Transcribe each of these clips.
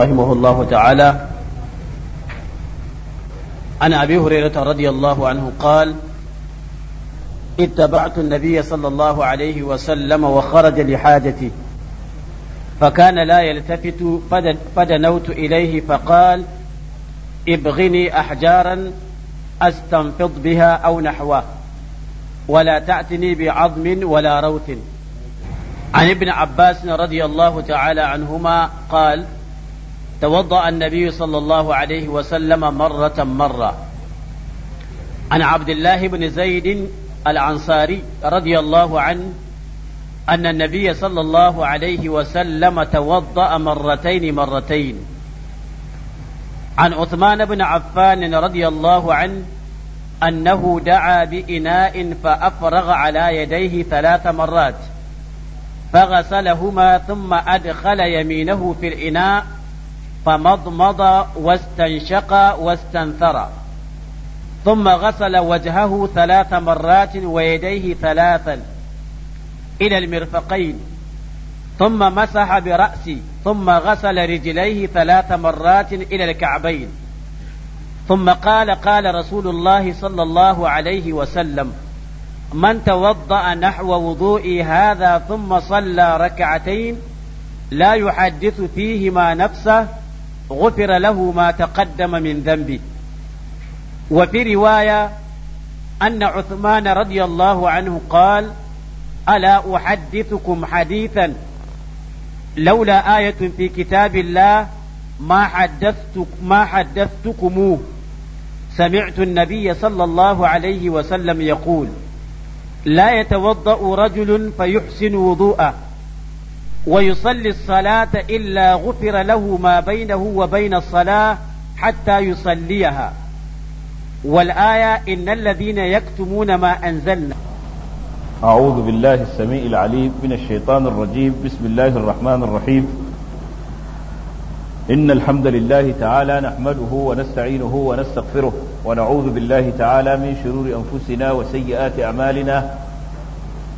رحمه الله تعالى عن ابي هريره رضي الله عنه قال اتبعت النبي صلى الله عليه وسلم وخرج لحاجتي فكان لا يلتفت فدنوت اليه فقال ابغني احجارا استنفض بها او نحوه ولا تاتني بعظم ولا روث عن ابن عباس رضي الله تعالى عنهما قال توضأ النبي صلى الله عليه وسلم مرة مرة عن عبد الله بن زيد الأنصاري رضي الله عنه أن النبي صلى الله عليه وسلم توضأ مرتين مرتين عن عثمان بن عفان رضي الله عنه أنه دعا بإناء فأفرغ على يديه ثلاث مرات فغسلهما ثم أدخل يمينه في الإناء فمضمض واستنشق واستنثر ثم غسل وجهه ثلاث مرات ويديه ثلاثا إلى المرفقين ثم مسح برأسه ثم غسل رجليه ثلاث مرات إلى الكعبين ثم قال قال رسول الله صلى الله عليه وسلم من توضأ نحو وضوئي هذا ثم صلى ركعتين لا يحدث فيهما نفسه غفر له ما تقدم من ذنبه وفي روايه ان عثمان رضي الله عنه قال الا احدثكم حديثا لولا ايه في كتاب الله ما حدثت ما حدثتكموه سمعت النبي صلى الله عليه وسلم يقول لا يتوضا رجل فيحسن وضوءه ويصلي الصلاة إلا غفر له ما بينه وبين الصلاة حتى يصليها والآية إن الذين يكتمون ما أنزلنا أعوذ بالله السميع العليم من الشيطان الرجيم بسم الله الرحمن الرحيم إن الحمد لله تعالى نحمده ونستعينه ونستغفره ونعوذ بالله تعالى من شرور أنفسنا وسيئات أعمالنا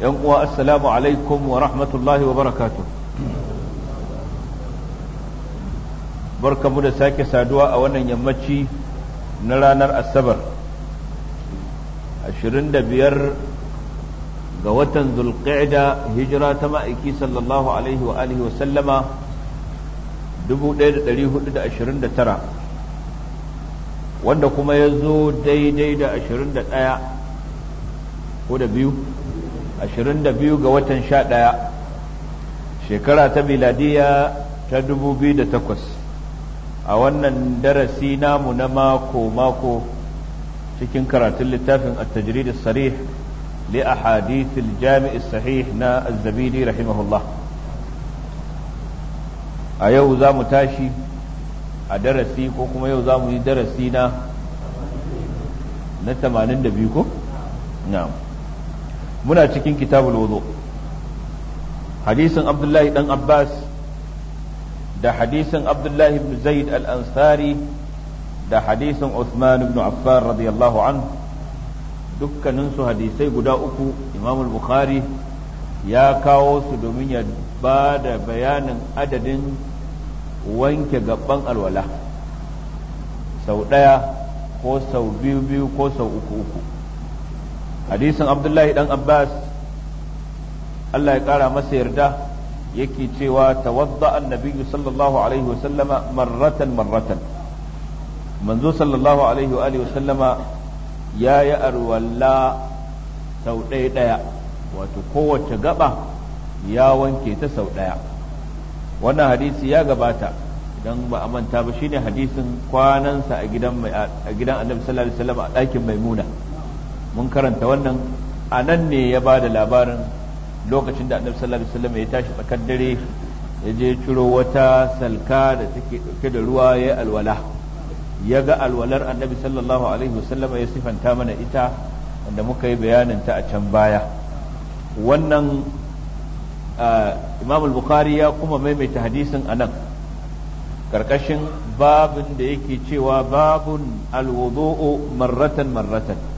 yan uwa assalamu alaikum wa rahmatullahi wa barakatu barkamu da sake saduwa a wannan yammaci na ranar asabar 25 ga watan zulqa'da hijira ta ma'aiki sallallahu alaihi wa alihi wa sallama 1429 wanda kuma ya zo daidai da 21 ko da biyu 22 ga watan 11 shekara ta miladiya ta 2008 a wannan darasi namu na mako-mako cikin karatun littafin at-tajrid sarih li ahadith al-jami' as-sahih na az-zabidi rahimahullah a yau za mu tashi a darasi ko kuma yau za mu yi darasi na na 82 ko na'am muna cikin kitabul wudu hadisin abdullahi dan abbas da hadisin abdullahi ibn zaid al-ansari da hadisin usman ibn affan radiyallahu anhu dukkaninsu hadisai guda uku imam bukhari ya kawo su domin ya ba da bayanin adadin wanke gaban alwala sau ɗaya ko sau biyu biyu ko sau uku uku hadisin abdullahi dan abbas Allah ya kara masa yarda yake cewa tawadda annabiyyu sallallahu alaihi wasallama marratan marratan manzo sallallahu alaihi wa alihi wasallama ya yi arwalla sau ɗaya ɗaya wato kowace gaba ya wanke ta sau ɗaya wannan hadisi ya gabata idan ba a manta ba shine hadisin kwanansa a gidan annabi sallallahu alaihi wasallam a ɗakin maimuna mun karanta wannan a nan ne ya ba da labarin lokacin da annabi sallallahu alaihi wasallam ya tashi tsakar dare ya je ciro wata salka da take dauke da ruwa ya alwala ya ga alwalar annabi sallallahu alaihi wasallam ya sifanta mana ita wanda muka yi bayanin ta a can baya wannan imam al-bukhari ya kuma maimaita hadisin anan karkashin babin da yake cewa babun alwudu'u marratan marratan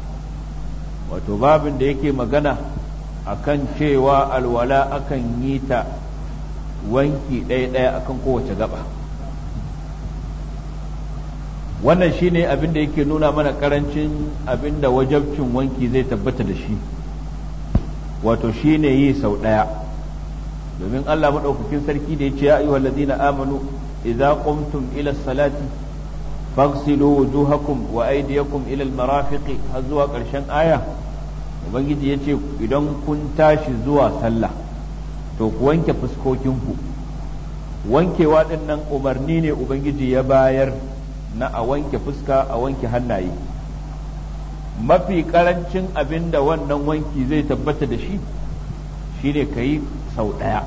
wato babin da yake magana akan cewa alwala akan yi ta wanki ɗaya-ɗaya akan kowace gaba wannan shi ne abin da yake nuna mana karancin abin da wajabcin wanki zai tabbata da shi wato shi ne yi sau ɗaya domin allah maɗaukakin sarki da ya ce ya wa ladina amanu idza qumtum ila salati faghsilu wujuhakum wa aydiyakum ila al-marafiqi har zuwa ƙarshen aya ubangiji yace idan kun tashi zuwa sallah to ku wanke fuskokinku wankewa din umarni ne ubangiji ya bayar na a wanke fuska a wanke hannaye mafi karancin abin da wannan wanki zai tabbata da shi shine ka yi sau ɗaya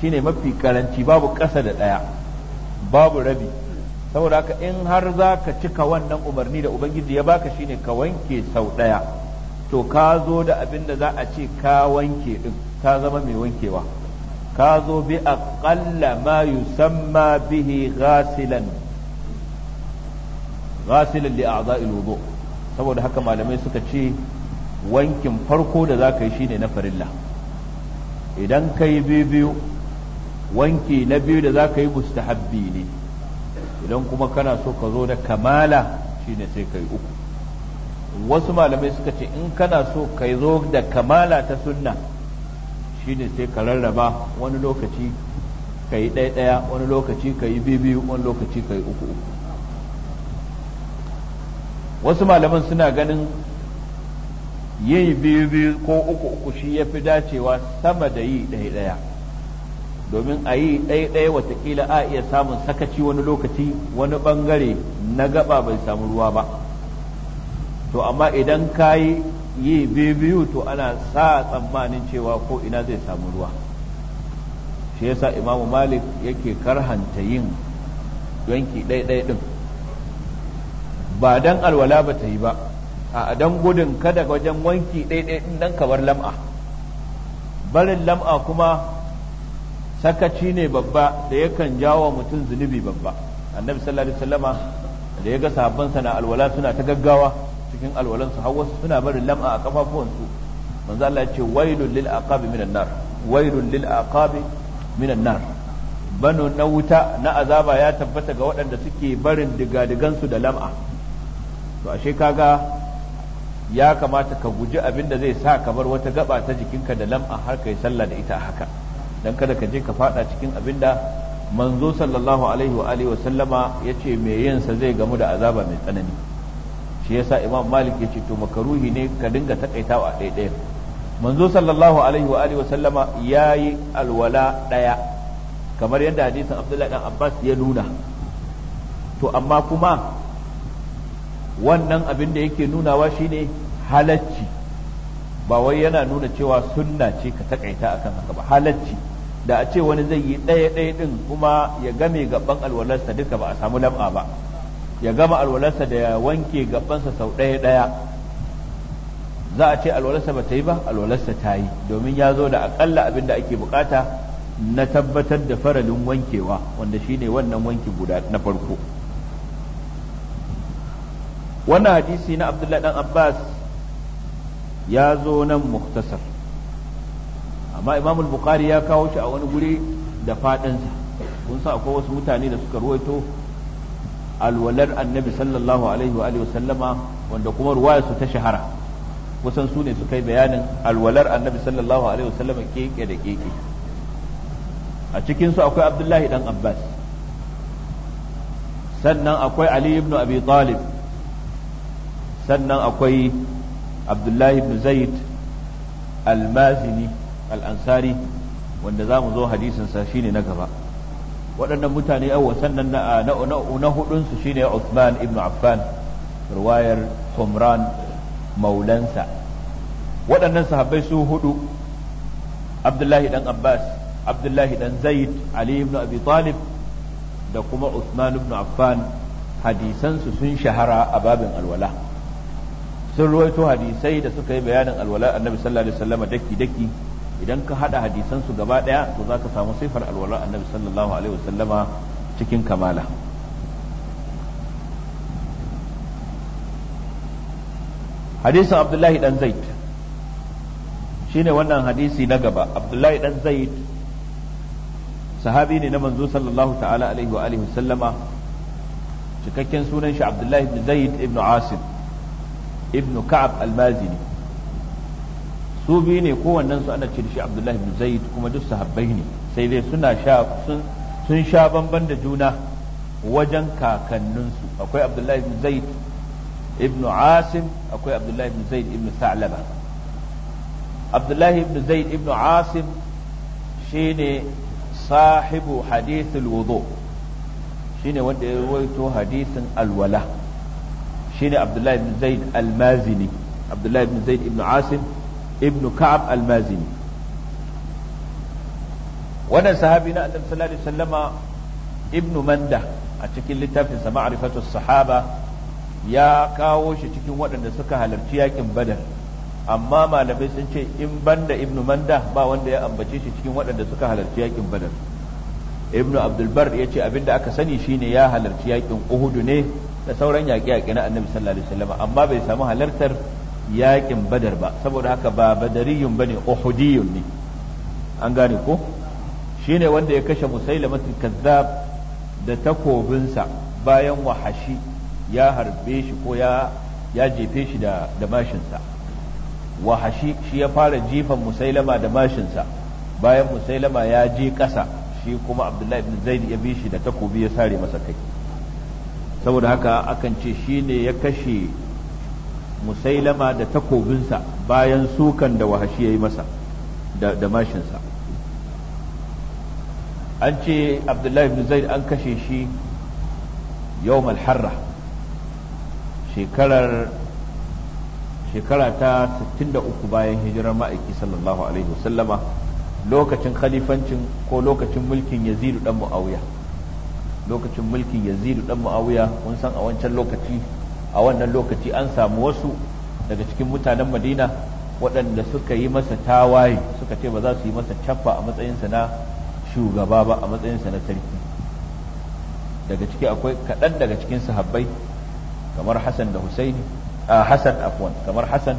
shine mafi karanci babu ƙasa da ɗaya babu rabi saboda haka in har za ka cika wannan umarni da ubangiji ya baka shine ka wanke sau ɗaya to ka zo da abin da za a ce ka wanke ɗin ka zama mai wankewa ka zo bi aƙalla ma yusamma bihi ghasilan ghasilan li a'za'il wudu saboda haka malamai suka ce wankin farko da za ka yi shine na farilla idan ka yi biyu wanki na biyu da za ka yi mustahabbi ne idan kuma kana so ka zo da kamala shine sai kai uku wasu malamai suka ce in kana so ka zo da kamala ta sunna shine sai ka rarraba wani lokaci ka yi ɗaya wani lokaci ka yi biyu wani lokaci ka yi uku uku wasu malaman suna ganin yin biyu biyu ko uku uku shi ya fi dacewa sama da yi ɗaya ɗaya domin a yi ɗaya-ɗaya watakila a iya samun sakaci wani lokaci wani ɓangare na gaba bai samu ruwa ba to amma idan ka yi yi biyu to ana sa tsammanin cewa ko ina zai samu ruwa shi yasa imamu malik yake karhanta yin yanki ɗaya-ɗaya ɗin ba don alwala ba ta yi ba a don gudun kada wajen wanki ɗaya-ɗaya ɗin don kamar lam'a barin lam'a kuma sakaci ne babba da yakan jawo mutum zunubi babba annabi sallallahu alaihi wasallama da ya ga sahabban sa na alwala suna ta gaggawa cikin alwalansu har wasu suna barin lam'a a kafafuwansu manzo Allah ya ce wailul lil aqabi minan nar wailul lil aqabi minan nar bano na wuta na azaba ya tabbata ga waɗanda suke barin digadigansu da lam'a to ashe kaga ya kamata ka guji abin da zai sa ka bar wata gaba ta jikinka da lam'a har kai sallah da ita haka dan kada ka je ka fada cikin abinda manzo sallallahu alaihi wa alihi wa sallama yace me yin sa zai gamu da azaba mai tsanani shi yasa imam malik yace to makaruhi ne ka dinga takaitawa ɗaya manzo sallallahu alaihi wa alihi wa sallama yayi alwala ɗaya kamar yadda hadisin abdullahi dan abbas ya nuna to amma kuma wannan abin da yake nunawa shine halacci ba wai yana nuna cewa sunna ce ka takaita akan haka ba halacci da a ce wani zai yi ɗaya ɗaya ɗin kuma ya game gaban alwalarsa duka ba a samu lam'a ba ya gama alwalarsa da ya wanke gabansa sau ɗaya ɗaya za a ce alwalarsa ba ta yi ba alwalarsa ta yi domin ya zo da aƙalla abin da ake bukata na tabbatar da faralin wankewa wanda shi ne wannan wanki guda na farko wannan hadisi na abdullahi dan abbas ya zo nan muktasar amma imam bukari ya kawo shi a wani guri da fadansa kun sa akwai wasu mutane da suka ruwaito alwalar annabi sallallahu alaihi wa alihi sallama wanda kuma ruwayar su ta shahara kusan su ne suka yi bayanin alwalar annabi sallallahu alaihi wa sallama keke da keke a cikin su akwai abdullahi dan abbas sannan akwai ali ibn abi talib sannan akwai abdullahi ibn zaid al-mazini al'ansari wanda za mu zo hadisinsa ne na gaba waɗannan mutane yawa sannan ah, na na hudunsu shine Uthman ibn Affan ruwayar Humran maulansa waɗannan sahabbai su hudu Abdullahi dan Abbas Abdullahi dan Zaid Ali ibn Abi Talib da kuma Uthman ibn Affan hadisansu sun shahara a babin alwala sun ruwaito hadisai da suka yi bayanin alwala annabi sallallahu alaihi wasallam daki daki idan ka hada hadisan su gaba daya to zaka samu sifar alwala annabi sallallahu alaihi wasallama cikin kamala hadisin abdullahi dan zaid shine wannan hadisi na gaba abdullahi dan zaid sahabi ne na manzo sallallahu ta'ala alaihi wa alihi sallama cikakken sunan shi abdullahi ibn zaid ibn asim ibn ka'ab al-mazini su biyu ne kowannen su ana cire shi abdullahi bin zaid kuma duk sahabbai ne sai dai suna sha sun sun sha bamban da juna wajen kakanninsu akwai abdullahi bin zaid ibnu asim akwai abdullahi bin zaid ibnu sa'laba abdullahi ibn zaid ibnu asim shine sahibu hadithul wudu shine wanda ya rawaito hadithin alwala shine abdullahi ibn zaid almazini abdullahi ibn zaid ibn asim Ibnu ka'ab al wannan sahabi na annabi sallallahu alaihi wasallama manda a cikin littafin sa sahaba ya kawo shi cikin waɗanda suka halarci badar amma malamai sun ce in banda ibnu manda ba wanda ya ambace shi cikin waɗanda suka halarci yakin badar ibnu abdulbar ya ce abinda aka sani shine ya halarci yakin uhudu ne da sauran yaƙe-yaƙe na annabi sallallahu alaihi wasallam amma bai samu halartar Yaƙin badar ba saboda haka ba badariyun bane uhudiyun ne an gane ko shine wanda ya kashe musailamatul kazzab da takobinsa bayan wahashi ya harbe shi ko ya ya jefe shi da da mashinsa wahashi shi ya fara jifan musailama da mashinsa bayan musailama ya je ƙasa shi kuma abdullahi ibn zaid ya bi shi da takobi ya sare masa kai saboda haka akan ce shine ya kashe musailama da takobinsa bayan sukan da wahashi ya yi masa da mashinsa an ce abdullahi ibn zaid an kashe shi yau malharra harra shekarar shekara ta 63 bayan hijirar ma'aiki sallallahu alaihi wasallama lokacin khalifancin ko lokacin mulkin yazidu dan mu'awiya lokacin mulkin yazidu dan mu'awiya kun san a wancan lokaci a wannan lokaci an samu wasu daga cikin mutanen madina waɗanda suka yi masa tawaye suka ce ba za su yi masa caffa a matsayinsa na shugaba ba a matsayinsa na sarki daga ciki akwai kaɗan daga cikin sahabbai kamar hasan da husaini a hasan afwan kamar hasan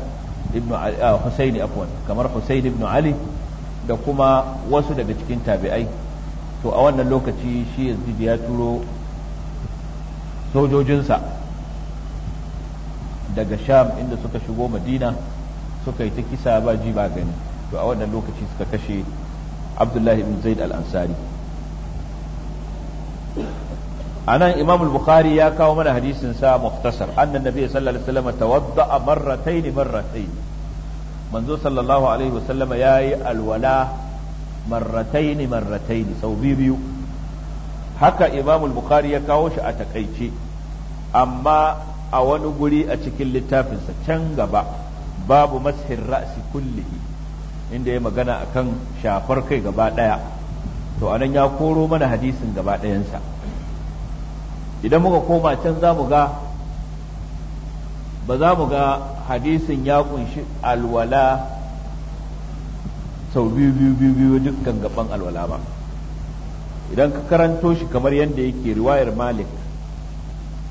ibn husaini afwan kamar husaini ibn ali da kuma wasu daga cikin tabi'ai to a wannan lokaci shi yazid ya turo sojojinsa daga sham inda suka shigo madina suka yi ta kisa ba ji ba gani to a wannan lokaci suka kashe abdullahi ibn zaid al-ansari anan imam al-bukhari ya kawo mana hadisin sa muftasar annan nabi sallallahu alaihi wasallam tawadda marratayn marratayn manzo sallallahu alaihi wasallam yayi alwala marratayn marratayn sau biyu biyu haka imam al-bukhari ya kawo shi a takaice amma a wani guri a cikin littafinsa can gaba babu mashin ra'si kulli inda ya magana akan shafar kai gaba daya to anan ya koro mana hadisin gaba idan muka koma can za mu ga ba za mu ga hadisin ya kunshi alwala sau biyu biyu biyu biyu dukkan gaban alwala ba idan ka karanto shi kamar yadda yake riwayar malik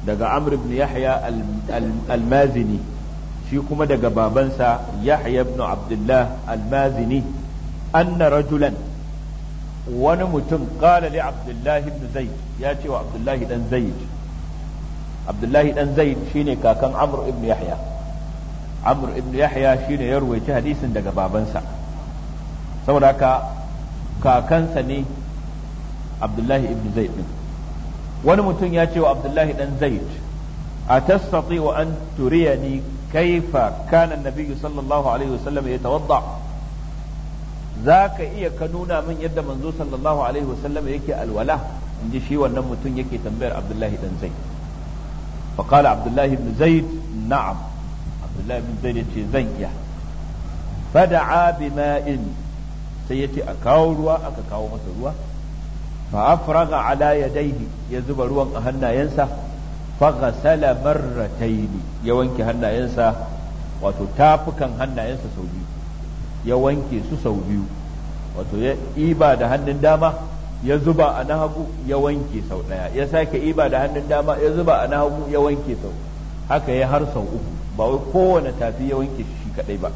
daga amr ibn yahya al-mazini shi kuma daga babansa yahya ibn abdullah al-mazini anna rajulan wani mutum qala li abdullah ibn zaid ya ce wa abdullah dan zaid abdullah dan zaid shine kakan amr ibn yahya amr ibn yahya shine ya ruwaita hadisin daga babansa saboda haka kakansa ne abdullahi ibn zaid din wani mutum ya ce wa abdullahi dan zaid a atastati wa an turiyani kaifa kana annabi sallallahu alaihi wasallam yatawadda zaka iya ka nuna min yadda manzo sallallahu alaihi wasallam yake alwala in ji shi wannan mutum yake tambayar abdullahi dan zaid fa qala abdullahi ibn zaid na'am abdullahi ibn zaid yace zan iya fada'a bima'in sai yace a kawo ruwa aka kawo masa ruwa fa afraga ala yadayhi ya zuba ruwan a hannayensa fa ghasala marrataini ya wanke hannayensa wato tafukan hannayensa sau biyu ya wanke su sau biyu wato ya iba da hannun dama ya zuba a na hagu ya wanke sau daya ya sake iba da hannun dama ya zuba a na hagu ya wanke sau haka ya har sau uku ba wai kowane tafi ya wanke shi kadai ba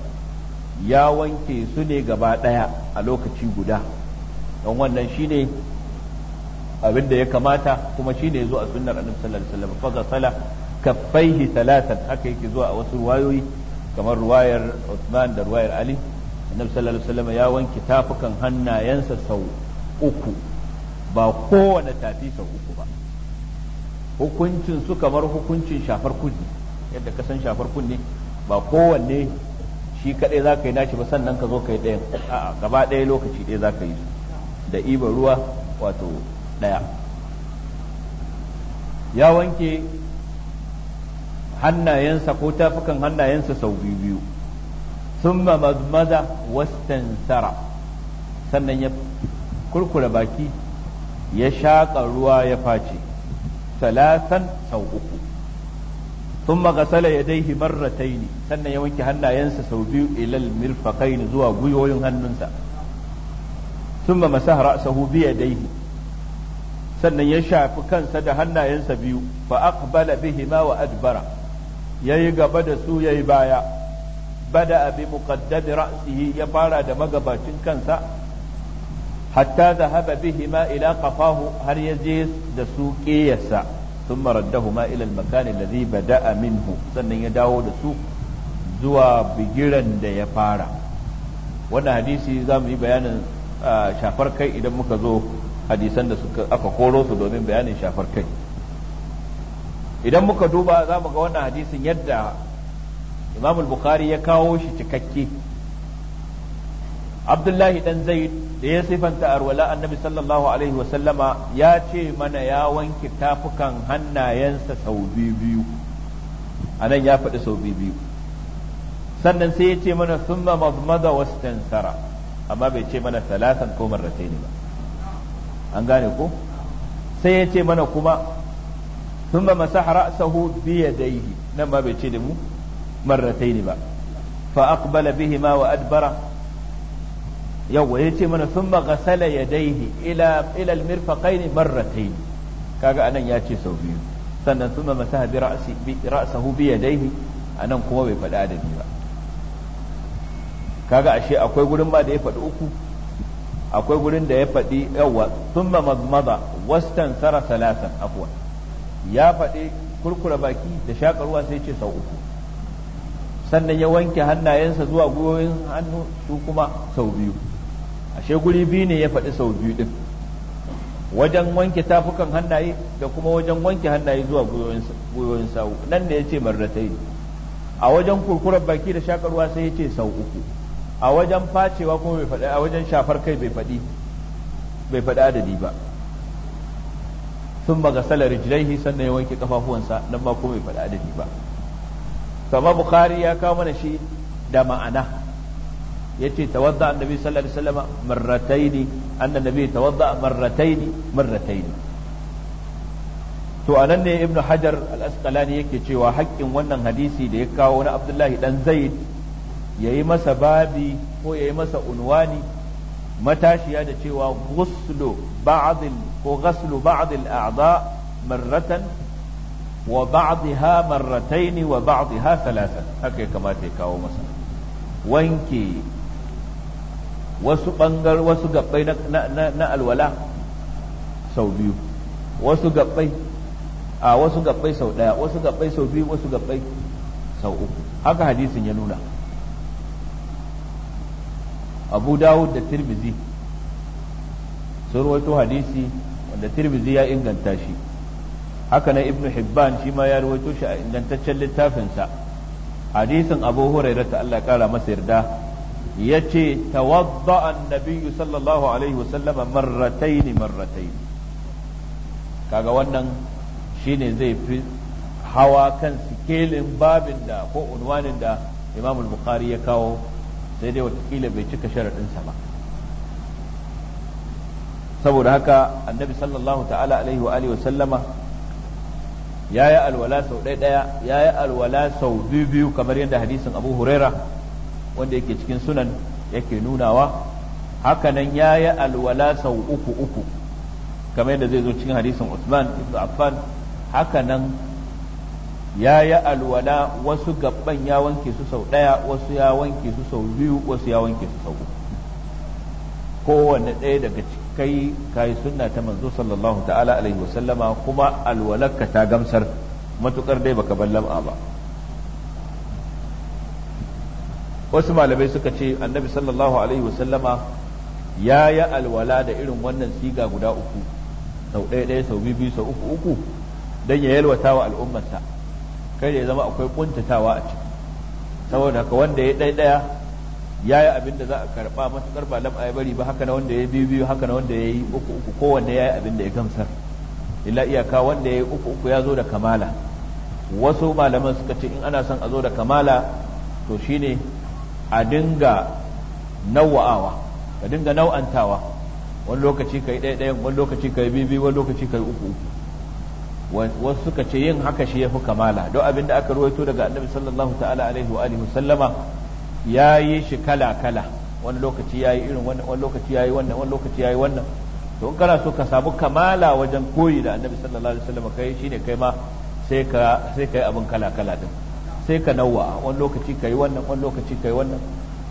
ya wanke su ne gaba daya a lokaci guda don wannan shine abin da ya kamata kuma shi ne zuwa sunnar annabi sallallahu alaihi wasallam fa sala kaffaihi thalathan haka yake zuwa a wasu ruwayoyi kamar ruwayar Uthman da ruwayar Ali annabi sallallahu alaihi wasallam ya wanke tafukan hannayensa sau uku ba kowane tafi sau uku ba hukuncin su kamar hukuncin shafar kunni yadda ka san shafar kunni ba kowanne shi kadai za ka yi nashi ba sannan ka zo ka yi ɗayan a'a gaba ɗaya lokaci ɗaya za ka yi da ibar ruwa wato ɗaya ya wanke hannayensa ko tafukan hannayensa sau biyu biyu sun maza wastansara sannan ya kurkura baki ya shaƙa ruwa ya face salasan sau uku sun magasala ya dai marratai ne sannan ya wanke hannayensa sau biyu ilal mirfakai zuwa gwiwoyin hannunsa sun ma masa ra'sahu biya daihi sannan ya shafi kansa da hannayensa biyu fa aqbala bihima wa adbara yayi gaba da su yayi baya bada bi muqaddami ra'sihi ya fara da magabacin kansa hatta zahaba bihima ila qafahu har yaje da su qiyasa thumma raddahuma ila al-makan alladhi bada'a minhu sannan ya dawo da su zuwa bigiran da ya fara wannan hadisi za mu yi bayanin ah, shafar kai idan muka zo hadisan da suka aka koro su domin bayanin shafar kai idan muka duba za mu ga wannan hadisin yadda imam bukhari ya kawo shi cikakke abdullahi dan zaid da ya sifanta arwala annabi sallallahu alaihi wasallama ya ce mana ya wanke tafukan hannayensa sau biyu a nan ya faɗi sau biyu sannan sai ya ce mana summa mazmada wastansara amma bai ce mana salatan ko marratain ba an gane ko sai ya ce mana kuma sun ba masaha ra'sahu biya daihi nan ba bai ce da mu marrataini ba fa aqbala ma wa adbara yawa ya ce mana sun ba thumma ghasala yadayhi ila ila al-mirfaqaini marrataini kaga anan ya ce sau biyu sannan thumma masaha bi ra'si bi ra'sahu bi yadayhi anan kuma bai faɗi adadi ba kaga ashe akwai gurin ba da ya faɗi uku akwai gurin da ya faɗi yawa sun ba mazmaza wastan sara salasan afuwa ya faɗi kurkura baki da shakarwa sai ce sau uku sannan ya wanke hannayensa zuwa gwiwoyin hannu su kuma sau biyu ashe guri biyu ne ya faɗi sau biyu ɗin wajen wanke tafukan hannaye da kuma wajen wanke hannaye zuwa gwiwoyin sau nan ne ya ce marratai a wajen kurkurar baki da shakarwa sai ya ce sau uku a wajen facewa kuma bai faɗi a wajen shafar kai bai faɗi bai faɗi adadi ba sun baga salar rijlaihi sannan ya wanke kafafuwansa nan ba kuma bai faɗi adadi ba kama bukhari ya kawo mana shi da ma'ana Ya yace tawadda annabi sallallahu alaihi wasallam marrataini annabi tawadda marrataini marrataini to anan ne ibnu hajar al-asqalani yake cewa haƙƙin wannan hadisi da ya kawo na abdullahi dan zaid ya yi masa babi ko ya yi masa unwani matashiya da cewa ghuslu ba'dil ko ghaslu ba'dil a'da marratan wa ba'dha marrataini wa ba'dha thalathan haka ya kamata ya kawo masa wanke wasu bangar wasu gabbai na, alwala sau biyu wasu gabbai a wasu gabbai sau daya wasu gabbai sau biyu wasu gabbai sau uku haka hadisin ya nuna abu dawud da tirmizi sun rawaito hadisi wanda tirmizi ya inganta shi haka na ibnu hibban shi ma ya rawaito shi a ingantaccen littafinsa hadisin abu hurairah ta Allah kara masa yarda yace tawadda annabi sallallahu alaihi wasallama marrataini marrataini kaga wannan shine zai fi hawa kan sikelin babin da ko unwanin da imamul bukhari ya kawo sai dai watakila bai cika sharaɗinsa ba saboda haka annabi sallallahu ta'ala alaihi wa alihi sallama ya yi alwala sau ɗaya ɗaya ya yi alwala sau biyu biyu kamar yadda hadisin abu huraira wanda yake cikin sunan yake nunawa hakanan ya yi alwala sau uku uku kamar yadda zai zo cikin hadisin usman ibn affan hakanan ya yi alwala wasu gabban ya wanke su sau ɗaya wasu ya wanke su sau biyu wasu ya wanke su sau uku kowanne ɗaya daga cikai kayi sunna ta manzo sallallahu ta'ala alaihi wasallama kuma alwalarka ta gamsar matukar dai baka a ba wasu malamai suka ce annabi sallallahu alaihi wasallama ya yi alwala da irin wannan siga guda uku sau ɗaya ɗaya sau biyu sau uku uku don ya yalwata wa al'ummarsa kai ya zama akwai kuntatawa a ciki saboda ka wanda ya ɗaya ɗaya ya yi abin da za a karɓa matuƙar ba lam'a ya bari ba haka na wanda ya biyu biyu haka na wanda ya yi uku uku kowanne ya yi abin da ya gamsar illa iyaka wanda ya yi uku uku ya zo da kamala wasu malaman suka ce in ana son a zo da kamala to shine a dinga nawa'awa ka dinga nau'antawa wani lokaci ka yi ɗaya ɗaya wani lokaci ka yi biyu wani lokaci ka yi uku uku wasu suka ce yin haka shi ya fi kamala don abin da aka ruwaito daga annabi sallallahu ta'ala alaihi wa alihi sallama ya yi shi kala kala wani lokaci ya yi irin wani lokaci ya yi wannan wani lokaci ya yi wannan to in kana so ka samu kamala wajen koyi da annabi sallallahu alaihi wasallam kai shi ne kai ma sai ka sai kai abin kala kala din sai ka nawa wani lokaci kai wannan wani lokaci kai wannan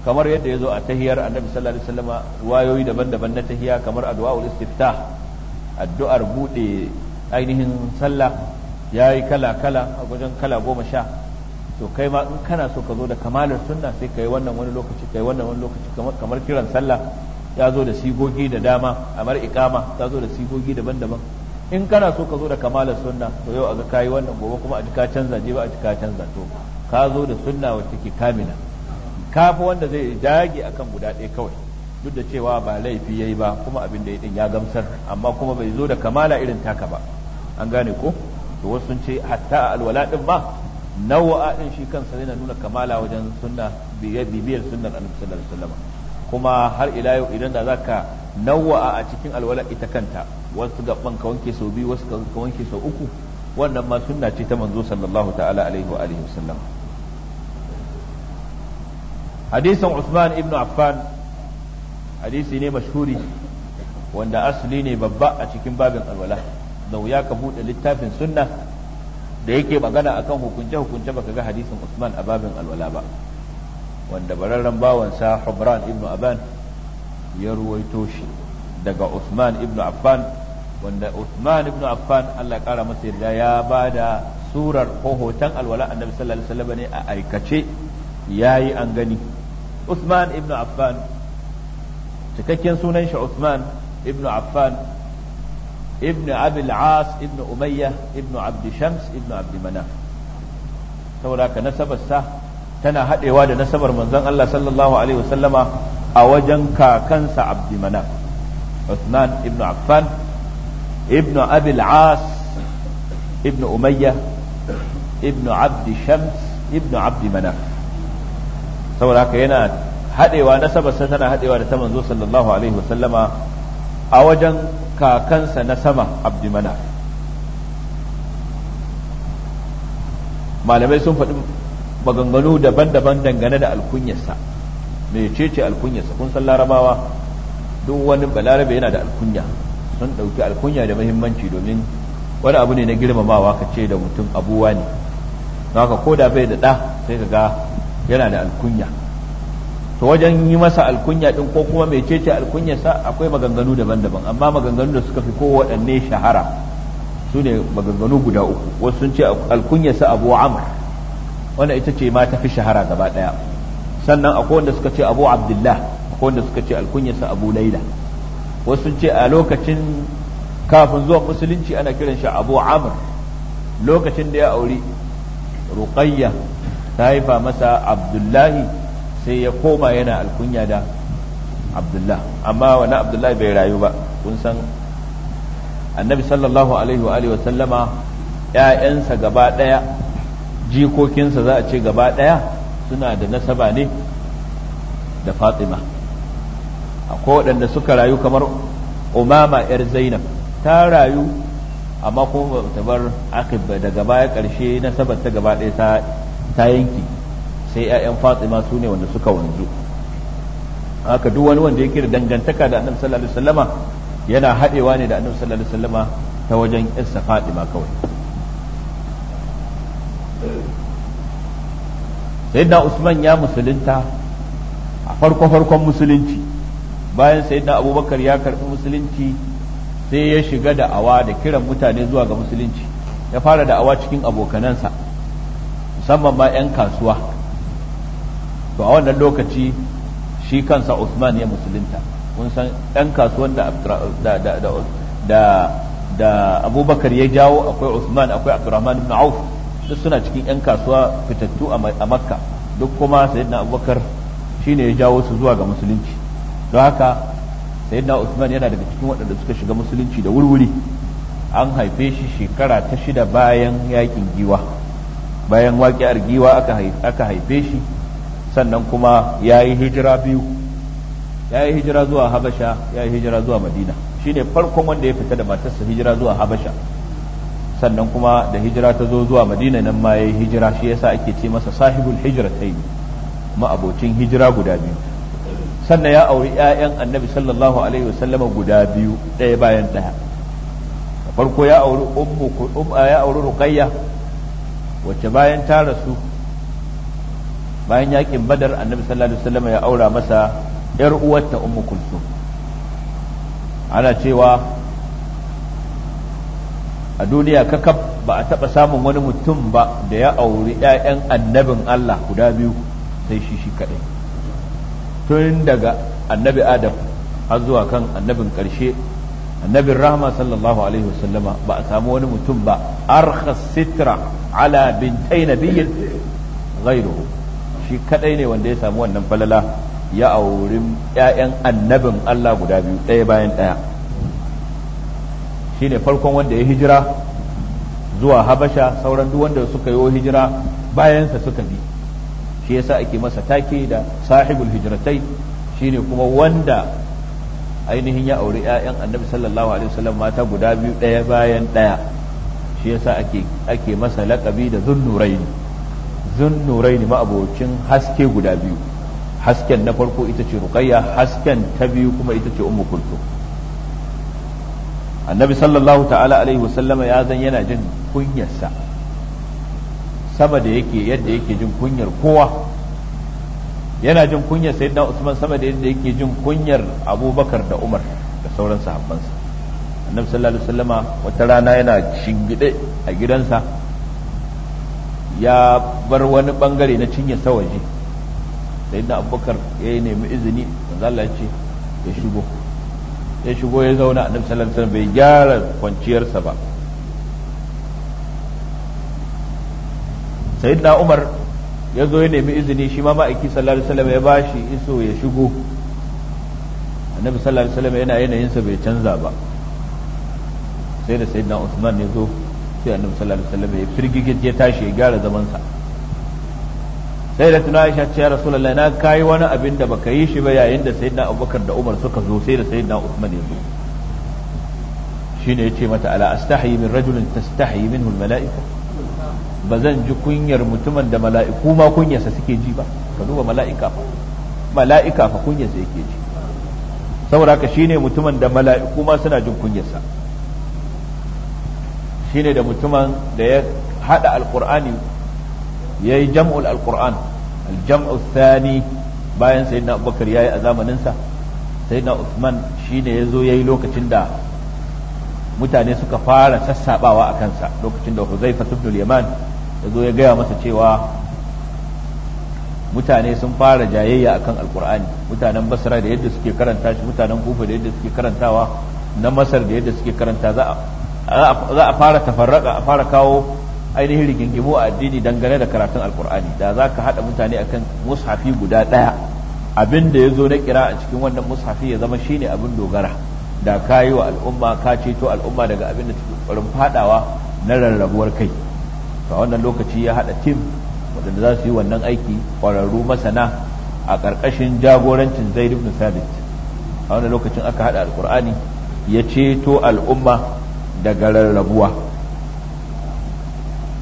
kamar yadda ya zo a tahiyar annabi sallallahu alaihi wasallam ruwayoyi daban-daban na tahiya kamar addu'aul istiftah addu'ar buɗe. ainihin sallah ya yi kala-kala a wajen kala goma sha to kai ma in kana so ka zo da kamalar sunna sai ka yi wannan wani lokaci ka yi wannan wani lokaci kamar kiran sallah ya zo da sigogi da dama kamar ikama ta zo da sigogi daban-daban in kana so ka zo da kamalar sunna to yau aga kayi wannan gobe kuma a ji ka canza je ba a ji ka canza to ka zo da sunna wacce take kamila kafa wanda zai dage akan guda ɗaya kawai duk da cewa ba laifi ya yi ba kuma abin da ya gamsar amma kuma bai zo da kamala irin taka ba an gane ko to wasu sun ce hatta alwala din ma nawa din shi kansa yana nuna kamala wajen sunna bibiyar sunnar annabi sallallahu alaihi wasallam kuma har ila yau idan da zaka nawa a cikin alwala ita kanta wasu gaban ka wanke sau biyu wasu ka wanke sau uku wannan ma sunna ce ta manzo sallallahu ta'ala alaihi wa alihi wasallam hadisin Usman ibn Affan hadisi ne mashhuri wanda asali ne babba a cikin babin alwala da wuya ka buɗe littafin sunna da yake magana akan hukunce hukunce baka ga hadisin Usman a babin alwala ba wanda bararren bawansa Hubran ibn Aban ya ruwaito shi daga Usman ibn Affan wanda Usman ibn Affan Allah kara masa yarda ya bada surar ko hoton alwala annabi sallallahu alaihi wasallam ne a aikace yayi an gani Usman ibn Affan cikakken sunan shi Uthman ibn Affan ibn Abil As ibn Umayyah, ibn Abd Shams ibn Abd Manaf saboda ka nasabarsa tana hadewa da nasabar manzon Allah sallallahu alaihi wasallama a wajen kakansa Abd Manaf Uthman ibn Affan ibn Abil As ibn Umayyah, ibn Abd Shams ibn Abd Manaf saboda haka yana haɗewa sai tana haɗewa da ta manzo sallallahu alaihi wasallama a wajen kakansa na sama abdimana malamai sun faɗi maganganu daban-daban dangane da alkunyarsa ce alkunyarsa kun san larabawa duk wani balarabe yana da alkunya sun ɗauki alkunya da mahimmanci domin wani abu ne na girmamawa ka ce da mutum abuwa ne ko da bai da ɗa sai ka ga yana da alkunya to wajen yi masa alkunya din ko kuma mecece alkunyarsa akwai maganganu daban-daban amma maganganu da suka fi ko waɗanne shahara su ne maganganu guda uku wasu sun ce alkunyarsa abu amr wanda ita ce ma ta fi shahara gaba ɗaya sannan akwai wanda suka ce abu abdullah akwai wanda suka ce alkunyarsa abu laila wasu sun ce a lokacin kafin zuwa musulunci ana kiran shi abu amr lokacin da ya auri ruqayya ta haifa masa abdullahi sai ya koma yana alkunya da abdullah amma wani abdullah bai rayu ba kun san annabi sallallahu alaihi wa wa sallama ya'yansa gaba daya jikokinsa za a ce gaba daya suna da nasaba ne da fatima akwai waɗanda suka rayu kamar umama yar zainab ta rayu amma kuma ba ta bar akib daga baya ƙarshe nasabar ta gaba ɗaya ta yanki sai ƴaƴan Fatima su ne wanda suka wanzu haka duk wani wanda yake da dangantaka da Annabi sallallahu alaihi wasallama yana haɗewa ne da Annabi sallallahu alaihi wasallama ta wajen isa Fatima kawai sayyidina Usman ya musulunta a farko farkon musulunci bayan sayyidina Abubakar ya karɓi musulunci sai ya shiga da awa da kiran mutane zuwa ga musulunci ya fara da'awa cikin abokanansa musamman ma 'yan kasuwa to a wannan lokaci shi kansa Usman ya musulunta kun san ɗan kasuwan da Abubakar ya jawo akwai Usman akwai Abdurrahman ibn Auf duk suna cikin ɗan kasuwa fitattu a Makka duk kuma sayyidina Abubakar shine ya jawo su zuwa ga musulunci don haka sayyidina Usman yana daga cikin waɗanda suka shiga musulunci da wurwuri an haife shi shekara ta shida bayan yakin giwa bayan waƙiyar giwa aka haife shi sannan kuma ya yi hijira biyu ya yi hijira zuwa habasha ya yi hijira zuwa madina ne farkon wanda ya fita da matarsa hijira zuwa habasha sannan kuma da hijira ta zo zuwa madina nan ma ya yi hijira shi yasa ake ce masa sahibul hijira ta yi ma'abocin hijira guda biyu sannan ya auri 'ya'yan annabi sallallahu alaihi wasallama guda biyu ɗaya bayan ɗaya farko ya auri ummu um, ya auri ruqayya wacce bayan ta rasu bayan yakin badar annabi sallallahu alaihi wasallam ya aura masa yar uwarta ummu kulsum ana cewa a duniya kakab ba a taba samun wani mutum ba da ya auri 'ya'yan annabin Allah guda biyu sai shi shi kaɗai tun daga annabi adam har zuwa kan annabin ƙarshe annabin rahama sallallahu alaihi wasallama ba a samu wani mutum ba arha sitra ala bintai nabiyyin ghairuhu shi kadai ne wanda ya samu wannan falala ya auri ƴaƴan annabin Allah guda biyu ɗaya bayan ɗaya ne farkon wanda ya hijira zuwa Habasha sauran duk wanda suka yi hijira bayansa suka bi shi yasa ake masa take da sahibul hijratai ne kuma wanda ainihin ya auri ƴaƴan annabi sallallahu alaihi wasallam mata guda biyu ɗaya bayan ɗaya shi yasa ake ake masa laƙabi da ne zun nurai ne ma'abokin haske guda biyu hasken na farko ita ce ruqayya hasken ta biyu kuma ita ce ummu kulthum annabi sallallahu ta'ala alaihi wasallama ya zan yana jin kunyarsa sama da yake yadda yake jin kunyar kowa yana jin kunyar sayyidina usman sama da yadda yake jin kunyar abubakar da umar da sauran sahabbansa annabi sallallahu alaihi wasallama wata rana yana shingide a gidansa ya bar wani bangare na cinye sa waje sai da abubakar ya yi nemi izini da Allah ya ce ya shigo ya shigo ya zauna a sallallahu alaihi bai gyara kwanciyarsa ba da Umar ya zo ya nemi izini shi ma ma'aiki sallallahu alaihi wasallam ya bashi iso ya shigo annabi sallallahu alaihi wasallam yana yanayinsa bai canza ba sai da sayyidina Usman ya zo sai annabi sallallahu alaihi wasallam ya firgige ya tashi ya gyara zaman sa sai da tuna Aisha ce ya Rasulullah na kai wani abin da baka yi shi ba yayin da sayyidina Abubakar da Umar suka zo sai da sayyidina Uthman ya zo shine yace mata ala astahi min rajulin tastahi minhu almalaiika ba zan ji kunyar mutumin da mala'iku ma kunyarsa suke ji ba ka duba mala'ika fa mala'ika fa kunyarsa yake ji saboda haka shine mutumin da mala'iku ma suna jin kunyarsa shine da mutumin da ya hada alqur'ani yayi jam'ul alqur'an aljam'u thani bayan sayyidina abubakar ya yi a zamaninsa sayyidina usman shine ya zo ya yi lokacin da mutane suka fara sassabawa a kansa lokacin da huzaifa ibn yaman zo ya gaya masa cewa mutane sun fara jayayya akan alqur'ani mutanen basra da yadda suke karanta shi mutanen kufa da yadda suke karantawa na masar da yadda suke karanta za za a fara tafarraka a fara kawo ainihin rigingimu a addini dangane da karatun alkur'ani da za ka haɗa mutane akan mushafi guda ɗaya abin da ya zo na kira a cikin wannan mushafi ya zama shine abin dogara da ka yi wa al'umma ka ceto al'umma daga abin da take ƙoƙarin faɗawa na rarrabuwar kai to wannan lokaci ya haɗa tim waɗanda za su yi wannan aiki ƙwararru masana a ƙarƙashin jagorancin zaid ibn sabit a wannan lokacin aka haɗa alkur'ani ya ceto al'umma daga rarrabuwa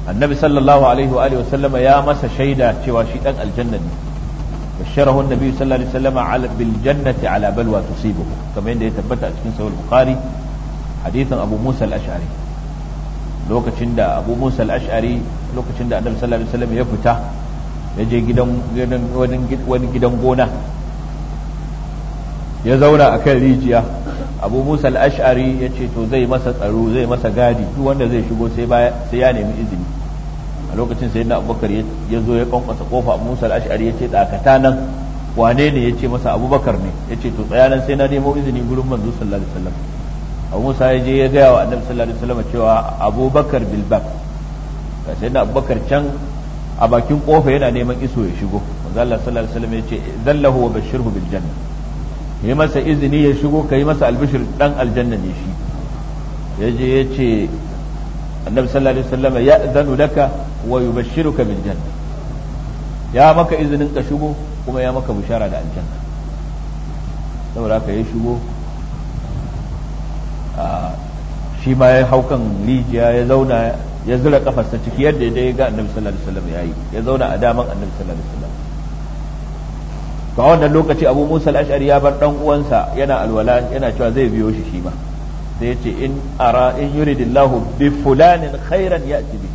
annabi sallallahu alaihi wa sallama ya masa shaida cewa shi dan aljanna ne basharahu annabi sallallahu alaihi wa wasallama ala bil jannati ala balwa tusibuhu kamar yadda ya tabbata a cikin sahih bukhari hadithan abu musa al-ash'ari lokacin da abu musa al-ash'ari lokacin da annabi sallallahu alaihi wa wasallam ya fita ya je gidan wani gidan gona ya zauna akan rijiya abu musa al-ash'ari ya ce to zai masa tsaro zai masa gadi duk wanda zai shigo sai ya nemi izini a lokacin sai na abubakar ya zo ya kwankwasa kofa abu musa al-ash'ari ya ce dakata nan wane ne ya ce masa abubakar ne ya ce to tsaya nan sai na nemo izini gurin manzo sallallahu alaihi wasallam abu musa ya je ya gaya wa annabi sallallahu alaihi wasallam cewa abubakar bilbab sai na abubakar can a bakin kofa yana neman iso ya shigo manzo Allah sallallahu alaihi wasallam ya ce zallahu wa bashirhu bil janna yi masa izini ya shigo ka yi masa albishir dan aljanna ne shi ya je ya ce annabi sallallahu alaihi wasallam ya zanu laka wa yubashshiruka bil janna ya maka izinin ka shigo kuma ya maka bishara da aljanna saboda ka yi shigo shi ma ya haukan kan rijiya ya zauna ya zura kafarsa ciki yadda ya ga annabi sallallahu alaihi wasallam yayi ya zauna a daman annabi sallallahu alaihi wasallam to wannan lokaci abu musa al ya bar dan uwansa yana alwala yana cewa zai biyo shi shi ma sai ya ce in ara in yuridillahu bi fulanin khairan ci bi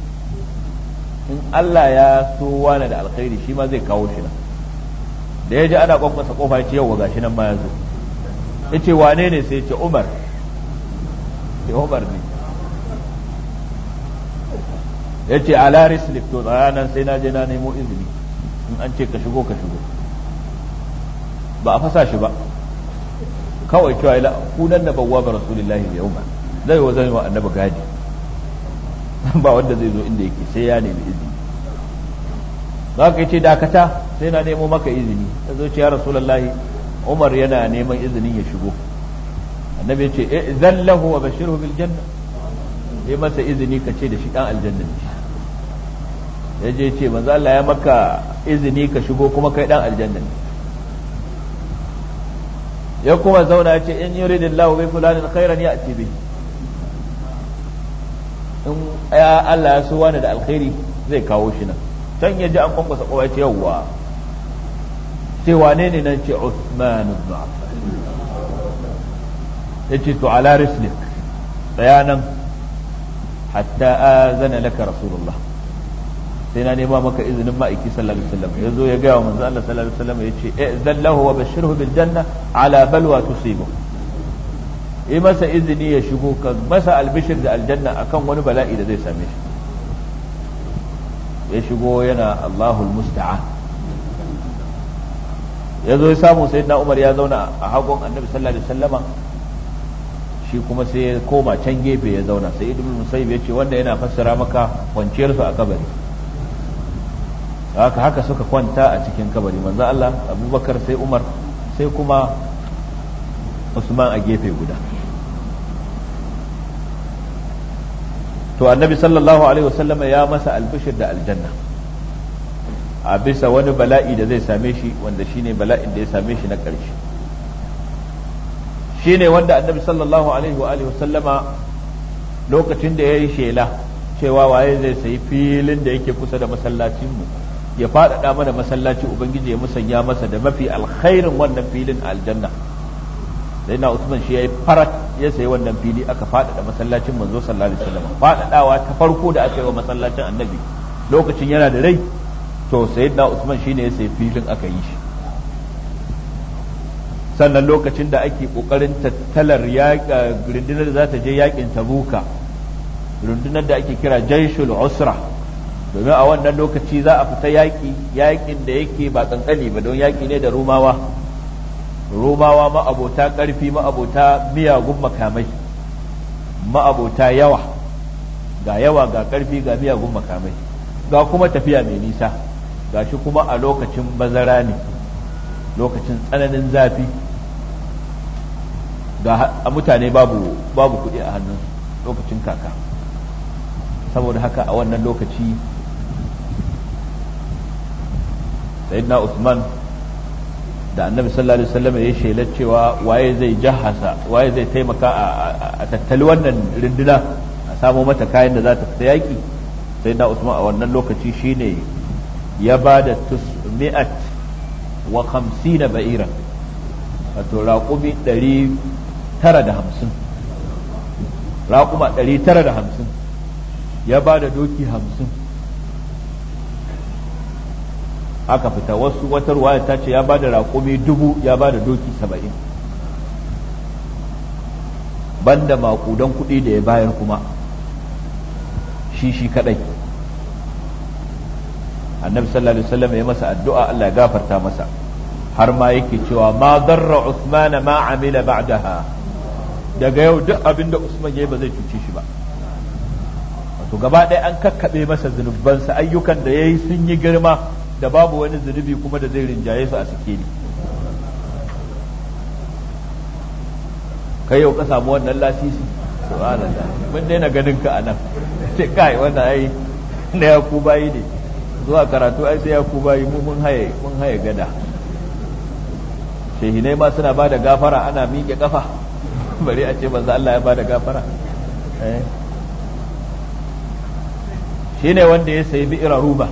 in Allah ya so wani da alkhairi shi ma zai kawo shi nan da ya ji ana kwakwasa kofa ya ce yau ga shi nan ma ya ya ce wane ne sai ya ce Umar ya Umar ne ya ce ala rislik to tsaya nan sai na je na nemo izini in an ce ka shigo ka shigo ba a fasa shi ba kawai cewa ila kunan na bawwa ba rasulullahi da yau zai wa zai wa annabi gadi ba wanda zai zo inda yake sai ya nemi izini za ka ce dakata sai na nemo maka izini ta zo ce ya rasulullahi umar yana neman izinin ya shigo annabi ya ce eh zallahu wa bashiru bil janna ya masa izini ka ce da shi dan aljanna ne ya je ce manzo Allah ya maka izini ka shigo kuma kai dan aljanna ne ya kuma zauna ya ce in yuridillahu bi fulanin khairan ya'ti bihi in ya Allah ya so da alkhairi zai kawo shi nan can ya ji an kwankwasa kowa ya ce yawwa ce wane ne nan ce Uthman ibn ya ce to ala rislik tsaya nan hatta azana laka rasulullah sai na nema maka izinin ma'aiki sallallahu alaihi wasallam yazo ya wa manzo Allah sallallahu alaihi wasallam yace eh zallahu wa bashirhu bil janna ala balwa tusibu yi masa izini ya shigo ka masa albishir da aljanna akan wani bala'i da zai same shi ya shigo yana Allahul musta'a yazo ya samu sayyidina Umar ya zauna a hagon Annabi sallallahu alaihi wasallama shi kuma sai ya koma can gefe ya zauna sai ibn musayyib yace wanda yana fassara maka kwanciyar su a kabari haka haka suka kwanta a cikin kabari manzo Allah abubakar sai umar sai kuma usman a gefe guda to annabi sallallahu alaihi wasallama ya masa albishir da aljanna a bisa wani bala'i da zai same shi wanda shine bala'in da ya same shi na ƙarshe shine wanda annabi sallallahu alaihi wa sallama lokacin da ya yi shela cewa waye zai sayi filin da yake kusa da masallacinmu mu ya faɗaɗa mana masallaci ubangiji ya musanya masa da mafi alkhairin wannan filin aljanna sai na usman shi ya yi farat ya sayi wannan fili aka faɗaɗa masallacin manzo sallallahu alaihi wasallam faɗaɗawa ta farko da aka yi wa masallacin annabi lokacin yana da rai to sayyidina usman ne ya sayi filin aka yi shi sannan lokacin da ake kokarin tattalar rundunar da za ta je yakin tabuka rundunar da ake kira jaishul usra domin a wannan lokaci za a fita yaƙi yaƙin da yake ba tsantsani ba don yaƙi ne da rumawa rumawa ma'abota ƙarfi ma'abota miyagun makamai ma'abota yawa ga yawa ga ƙarfi ga miyagun makamai ga kuma tafiya mai nisa ga shi kuma a lokacin bazara ne lokacin tsananin zafi ga mutane babu babu kuɗi a hannun lokacin kaka saboda haka a wannan lokaci sayyidina Usman da annabi sallallahu alaihi wasallam ya shela cewa waye zai jahasa waye zai taimaka a tattali wannan rinduna a samo mata kayan da za ta fita yaki sayyidina Usman a wannan lokaci shine ya ba da tusmi'at wa khamsina ba'ira wato raƙumi ɗari tara da hamsin raƙuma ɗari tara da hamsin ya ba da doki hamsin aka fita wasu wata ruwaya ta ce ya bada raƙumi dubu ya bada doki saba'in banda makudan kuɗi da ya bayar kuma shi shi kaɗai annabi sallallahu alaihi wasallam ya masa addu'a Allah ya gafarta masa har ma yake cewa ma darra Usman ma amila ba'daha daga yau duk abinda Usman yayi ba zai cuce shi ba wato gaba ɗaya an kakkaɓe masa zunubansa ayyukan da yayi sun yi girma da babu wani zunubi kuma da zai rinjaye su a suke ni kai yau ka samu wannan lasisi subhanallah mun daina ganin ka anan sai kai wannan ai na ya ku bayi ne zuwa karatu ai sai ya ku bayi mu mun haye mun haye gada shehinai ma suna bada gafara ana miƙe kafa bari a ce manzo Allah ya bada gafara eh. shine wanda ya sayi bi'ira ruba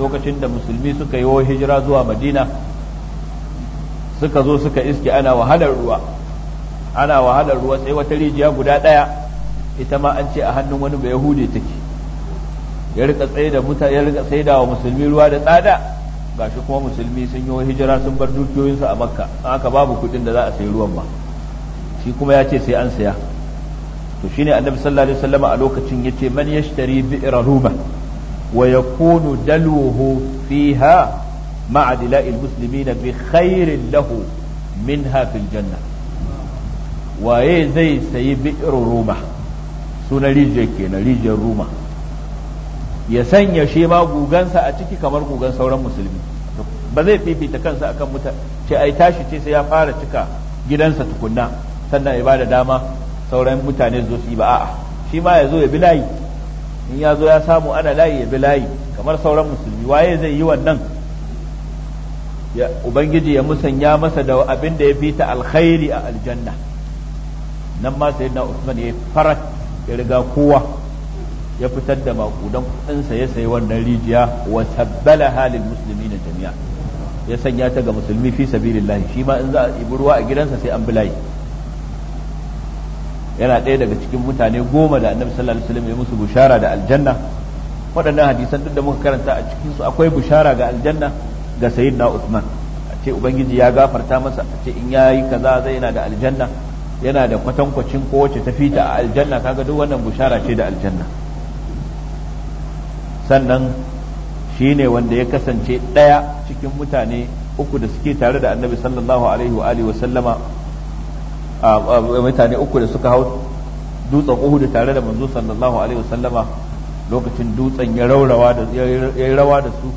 lokacin da musulmi suka yi hijira zuwa madina suka zo suka iske ana wahalar ruwa ana wahalar ruwa sai wata rijiya guda ɗaya ita ma an ce a hannun wani bai yahude take ya rika da ya rika tsaye wa musulmi ruwa da tsada gashi kuma musulmi sun yi hijira sun bar dukiyoyinsu a makka haka babu kuɗin da za a sayi ruwan ba shi kuma ya ce sai an saya to shine annabi sallallahu alaihi wasallam a lokacin yace man yashtari bi'ra ruba wa yakunu dalwuhu fiha ma'a dila'il muslimina bi khairin lahu minha fil janna waye zai sayi bi'ir ruma sunan rijiyar kenan rijiyar ruma ya sanya shi ma gugansa a ciki kamar gugan sauran musulmi ba zai fifita kansa akan mutane ce ai tashi ce sai ya fara cika gidansa tukunna sannan ya bada dama sauran mutane zo su yi ba a'a shi ma ya zo ya bi layi in ya zo ya samu ana layi ya bi layi kamar sauran musulmi waye zai yi wannan ya ubangiji ya musanya masa da abin da ya fi ta alkhairi a aljanna nan ma na usman ya farat ya riga kowa ya fitar da makudan kudinsa ya sayi wannan rijiya wa sabbala halin musulmi na jami'a ya sanya ta ga musulmi fi sabilillahi shi ma in za a ibi ruwa a gidansa sai an bi layi yana ɗaya daga cikin mutane goma da annabi sallallahu alaihi wasallam ya musu bushara da aljanna waɗannan hadisan duk da muka karanta a cikin su akwai bushara ga aljanna ga sayyidina Uthman a ce ubangiji ya gafarta masa a ce in yayi kaza zai yana da aljanna yana da kwatankwacin ko wacce ta fita a aljanna kaga duk wannan bushara ce da aljanna sannan shi ne wanda ya kasance ɗaya cikin mutane uku da suke tare da annabi sallallahu alaihi wa alihi wa sallama mutane uku da suka hau dutsen Uhud tare da manzo sallallahu alaihi wasallama lokacin dutsen ya raurawa da ya rawa da su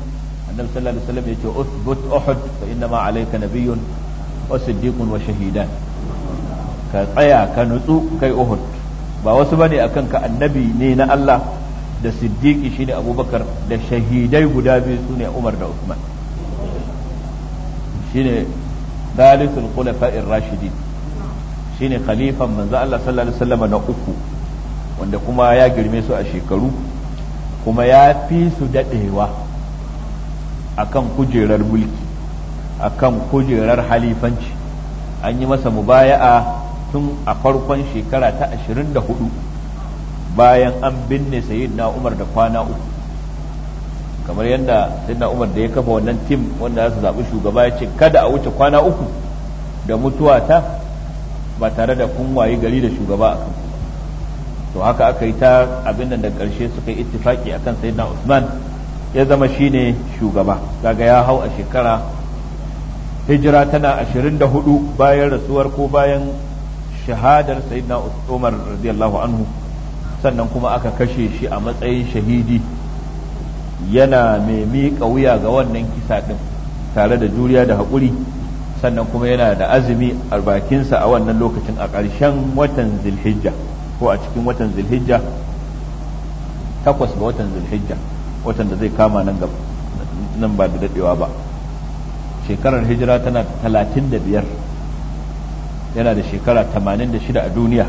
annabi sallallahu alaihi wasallam yace usbut uhud fa inna ma alayka nabiyyun wa siddiqun wa shahidan ka tsaya ka nutsu kai uhud ba wasu bane akan ka annabi ne na Allah da siddiqi shine abubakar da shahidai guda biyu sune umar da usman shine dalisul khulafa'ir rashidin shine khalifan manzo Allah sallallahu alaihi wasallam na uku wanda kuma ya girme su a shekaru kuma ya fi su dadewa akan kujerar mulki akan kujerar halifanci an yi masa mubaya'a tun a farkon shekara ta 24 bayan an binne sayyidina Umar da kwana uku kamar yadda sayyidina Umar da ya kafa wannan tim wanda za su zaɓi shugaba ya ce kada a wuce kwana uku da mutuwa ta ba tare da kun waye gari da shugaba a kan to haka aka yi ta abin da karshe suka yi ittifaki akan sayyidina Usman ya zama shine shugaba kaga ya hau a shekara hijira tana ashirin da hudu bayan rasuwar ko bayan shahadar sayyidina Umar radiyallahu anhu sannan kuma aka kashe shi a matsayin shahidi yana mai miƙa wuya ga wannan kisa ɗin tare da juriya da haƙuri sannan kuma yana da azumi a bakinsa a wannan lokacin a ƙarshen watan zilhijja ko a cikin watan zilhijja takwas ga watan zilhijja watan da zai kama nan gaba nan ba da dadewa ba shekarar hijira tana talatin da biyar yana da shekara tamanin da shida a duniya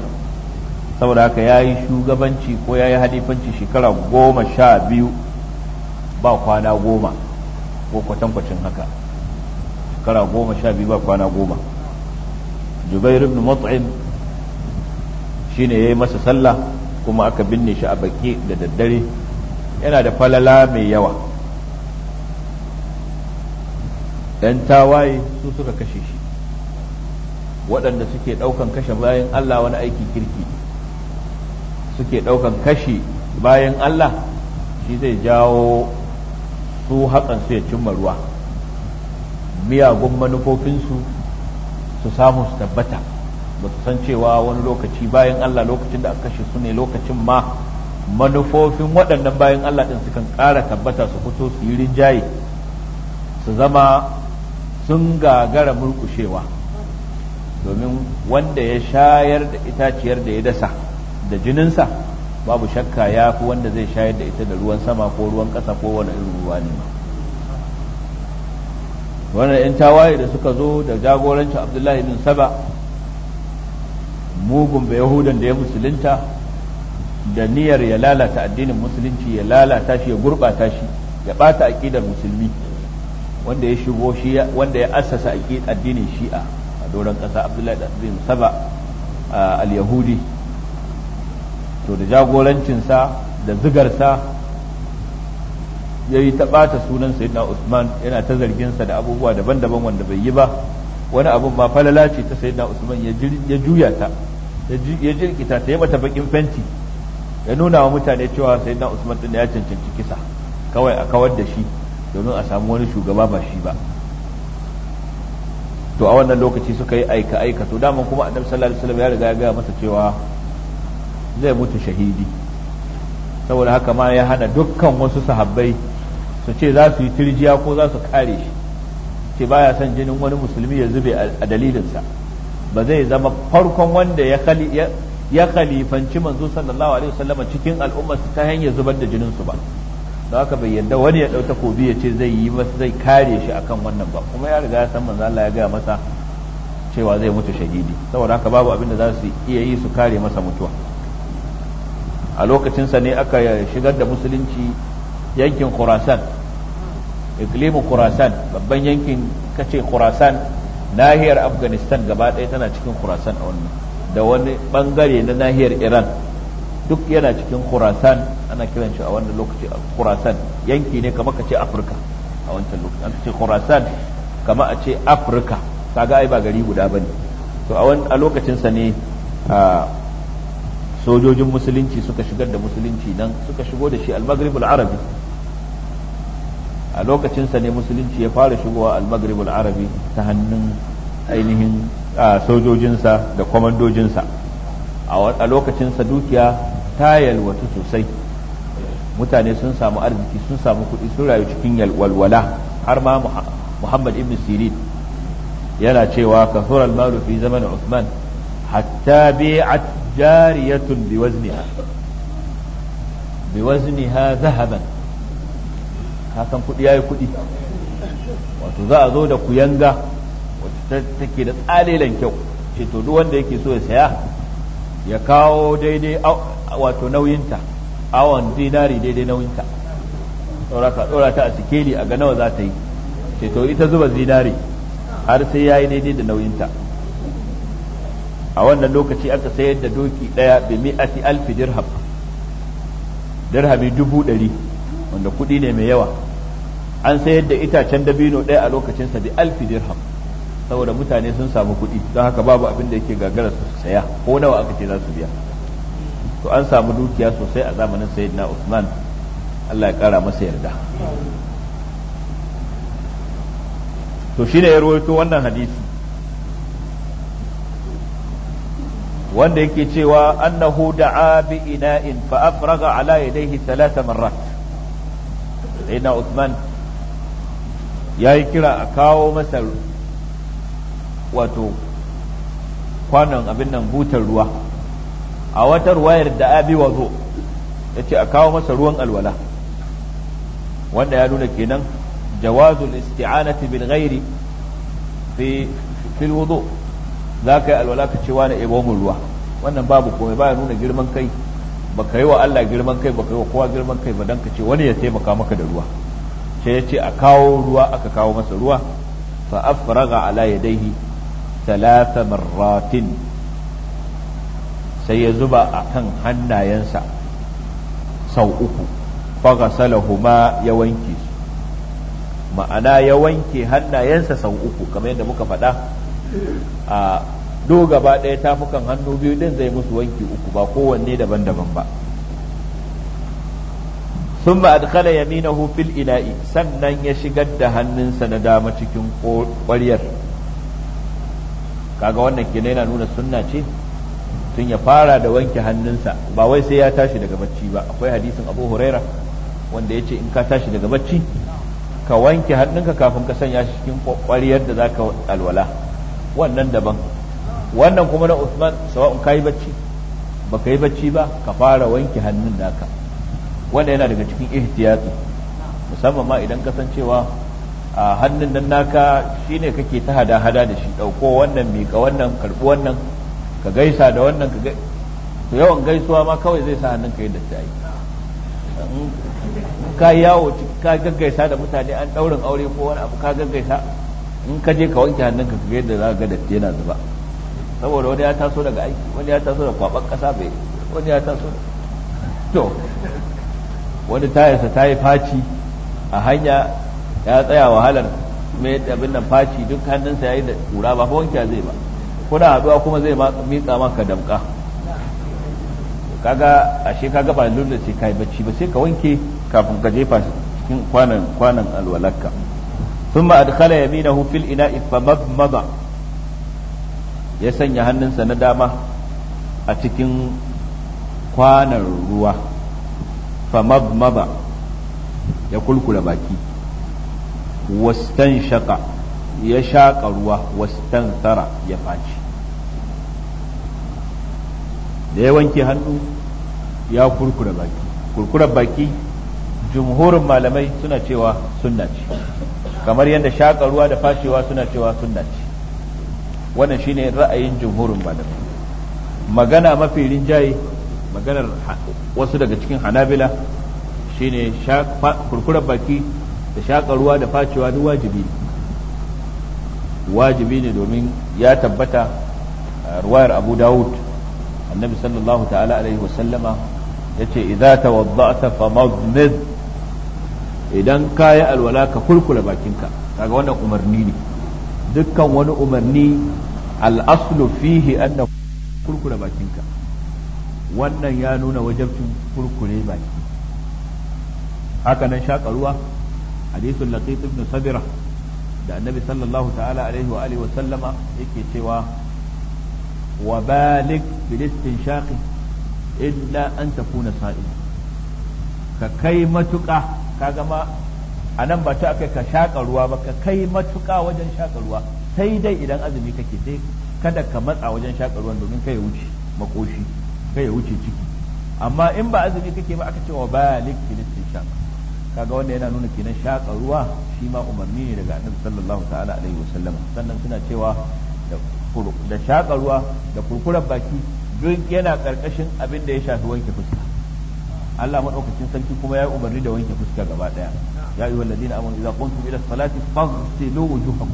saboda haka ya yi shugabanci ko ya yi halifanci shekara goma sha biyu ba kwana goma ko kwatankwacin haka shekara goma sha biyu ba kwana goma jubair ibn mut'im shine yi masa sallah kuma aka binne shi a baki da daddare yana da falala mai yawa ɗan tawaye su suka kashe shi waɗanda suke ɗaukan kashe bayan Allah wani aiki kirki suke ɗaukan kashe bayan Allah shi zai jawo su hakan su ya cimma ruwa miyagun manufofinsu su samu su tabbata ba su san cewa wani lokaci bayan Allah lokacin da aka kashe su ne lokacin ma manufofin waɗannan bayan Allah ɗin kan ƙara tabbata su fito su yi rinjaye su zama sun gagara murkushewa domin wanda ya shayar da itaciyar da ya dasa da jininsa babu shakka ya fi wanda zai shayar da ita da ruwan sama ko ruwan ƙasa ko wani irin ruwa ne ma wannan 'yan tawaye da suka zo da jagorancin abdullahi bin saba mugun ba yahudan da ya musulunta da niyyar ya lalata addinin musulunci ya lalata shi ya gurɓata shi ya ɓata aƙidar musulmi wanda ya shigo shi wanda ya assasa addinin shi'a a doron ƙasa abdullahi bin saba al-yahudi to da jagorancinsa da zigarsa ya yi ta ɓata sunan sayyidina usman yana ta zargin sa da abubuwa daban-daban wanda bai yi ba wani abun ma falala ce ta sayyidina usman ya juya ta ya jirkita ta yi mata bakin fenti ya nuna wa mutane cewa sayyidina usman din ya cancanci kisa kawai a kawar da shi domin a samu wani shugaba ba shi ba to a wannan lokaci suka yi aika aika to daman kuma annabi sallallahu alaihi wasallam ya riga ya gaya masa cewa zai mutu shahidi saboda haka ma ya hana dukkan wasu sahabbai su ce za su yi tirjiya ko za su kare shi ce baya son jinin wani musulmi ya zube a dalilinsa ba zai zama farkon wanda ya khalifanci manzo sallallahu alaihi wasallama cikin su ta hanyar zubar da jininsu ba don haka bai yarda wani ya ko kobi ya ce zai yi masa zai kare shi akan wannan ba kuma ya riga ya san manzo Allah ya gaya masa cewa zai mutu shahidi saboda haka babu abin da za su iya yi su kare masa mutuwa a lokacinsa ne aka shigar da musulunci yankin khurasan iklimu khurasan babban yankin kace khurasan nahiyar afghanistan gaba ɗaya tana cikin khurasan a wannan da wani bangare na nahiyar iran duk yana cikin khurasan ana kiran shi a wannan lokaci khurasan yanki ne kamar kace afirka a wancan lokaci an ce khurasan kamar a ce afirka kaga ai ba gari guda bane to a lokacin sa ne sojojin musulunci suka shigar da musulunci nan suka shigo da shi al-maghrib al-arabi a lokacinsa ne musulunci ya fara shigowa al-maghrib al-arabi ta hannun ainihin sojojinsa da kwamandojinsa a lokacinsa dukiya ta yalwatu sosai mutane sun samu arziki sun samu kuɗi sun rayu cikin walwala har ma muhammad ibn sirin yana cewa kasurar malu fi zaman usman hatta bi'at jariyatun biwazniha biwazniha zahaban kasan kuɗi ya yi kuɗi wato za a zo da kuyanga wacce take da tsalilan kyau ce eh to duk wanda yake so ya saya ya kawo daidai wato nauyinta awon dinari daidai nauyinta ɗora ta a sikeli a ga nawa za ta yi ce eh to ita zuba zinari har sai ya yi daidai da nauyinta a wannan lokaci aka sayar da doki ɗaya bi mi'ati alfi dirham dirhami dubu ɗari wanda kuɗi ne mai yawa an sayar da itacen dabino ɗaya a lokacin sa bi alfi dirham saboda mutane sun samu kuɗi don haka babu abin da yake gagara su saya ko nawa aka ce za su biya to an samu dukiya sosai a zamanin sayyidina Usman Allah ya kara masa yarda to shine ya rawaito wannan hadisi wanda yake cewa annahu da'a bi ina'in fa afraga ala yadayhi thalatha marrat saina usman ya yi kira a kawo masa wato kwanon abin nan butar ruwa a wata ruwayar da abi wazo ya ce a kawo masa ruwan alwala wanda ya nuna kenan jawazul isti'anati bil ghairi fi fil za ka yi alwala ka ce wa wani ebo ruwa wannan babu komai baya nuna girman kai baka yi wa Allah girman kai baka yi wa kowa girman kai ba dan ka ce wani ya taimaka maka da ruwa sai ya ce a kawo ruwa aka kawo masa ruwa fa afraga ala yadayhi thalatha marratin sai ya zuba a kan hannayensa sau uku fagasalahuma ya wanke su ma'ana ya wanke hannayensa sau uku kamar yadda muka faɗa a do gaba ɗaya tafukan hannu biyu din zai musu wanki uku ba kowanne daban-daban ba sun ba adkhala yaminahu fil ina'i sannan ya shigar da hannunsa na dama cikin ƙwaryar kaga wannan kenan yana nuna sunna ce tun ya fara da wanke hannunsa ba wai sai ya tashi daga bacci ba akwai hadisin abu huraira wanda ya ce in ka tashi daga bacci ka wanke hannunka kafin ka sanya shi cikin kwakwaliyar da za ka alwala wannan daban wannan kuma na Uthman sawa'un kai bacci baka yi bacci ba ka fara wanke hannun naka wanda yana daga cikin ihtiyati musamman ma idan kasancewa a hannun nan naka shine kake ta hada hada da shi dauko wannan miƙa wannan karbi wannan ka gaisa da wannan ka to yawan gaisuwa ma kawai zai sa hannun ka yi datti in ka yawo ka gaggaisa da mutane an daurin aure ko wani abu ka gaggaisa in ka je ka wanke hannunka ka ga yadda za ka ga datti yana zuba saboda wani ya taso daga aiki wani ya taso da kwaban kasa bai wani ya taso to wani tayarsa ta yi faci a hanya ya tsaya wahalar mai abin nan faci duk hannunsa ya yi da kura ba fa wanke zai ba kuna haɗuwa kuma zai miƙa maka damƙa kaga ashe kaga ba lullu sai yi bacci ba sai ka wanke kafin ka jefa cikin kwanan kwanan alwalakka thumma adkhala yaminahu fil ina'i famabmada ya sanya hannunsa na dama a cikin kwanan ruwa maba ya kulkula baki wastan shaka ya shaƙa ruwa wastan tara ya faci da ya wanke hannu ya kurkura baki kurkurar baki jumhurin malamai suna cewa sunna ce kamar yadda shaƙa ruwa da fashewa suna cewa sunna ce wannan shine ra'ayin jumhurin malamai magana mafi rinjaye maganar wasu daga cikin hanabila shine kurkurar baki da shaƙa ruwa da facewa duk wajibi wajibi ne domin ya tabbata ruwayar abu dawud annabi sallallahu ta'ala alaihi wasallama ya ce idza tawadda'ta famadmid idan ka yi alwala ka kulkula bakinka kaga wannan umarni ne dukkan wani umarni al'aslu fihi anna kurkure bakinka wannan ya nuna wajabcin kurkure baki haka nan shaƙa ruwa hadisun latif ibn sabira da annabi sallallahu ta'ala alaihi wa alihi wa sallama yake cewa wa balik bilistin shaqi illa an takuna sa'il ka kai matuƙa ka gama a nan ba ta ka ruwa ba ka kai matuka wajen shaka ruwa sai dai idan azumi kake dai kada ka matsa wajen shaƙa ruwan domin kai ya wuce makoshi kai ya wuce ciki amma in ba azumi kake ba aka ce wa balik filistin shaq kaga wanda yana nuna kenan shaƙa ruwa shi ma umarni ne daga annabi sallallahu ta'ala alaihi wasallam sannan suna cewa da shaƙa ruwa da kurkurar baki duk yana karkashin abin da ya shafi wanke fuska Allah madaukakin sarki kuma ya umarni da wanke fuska gaba daya ya ayyuhal ladina amanu idza qumtum ila salati faghsilu wujuhakum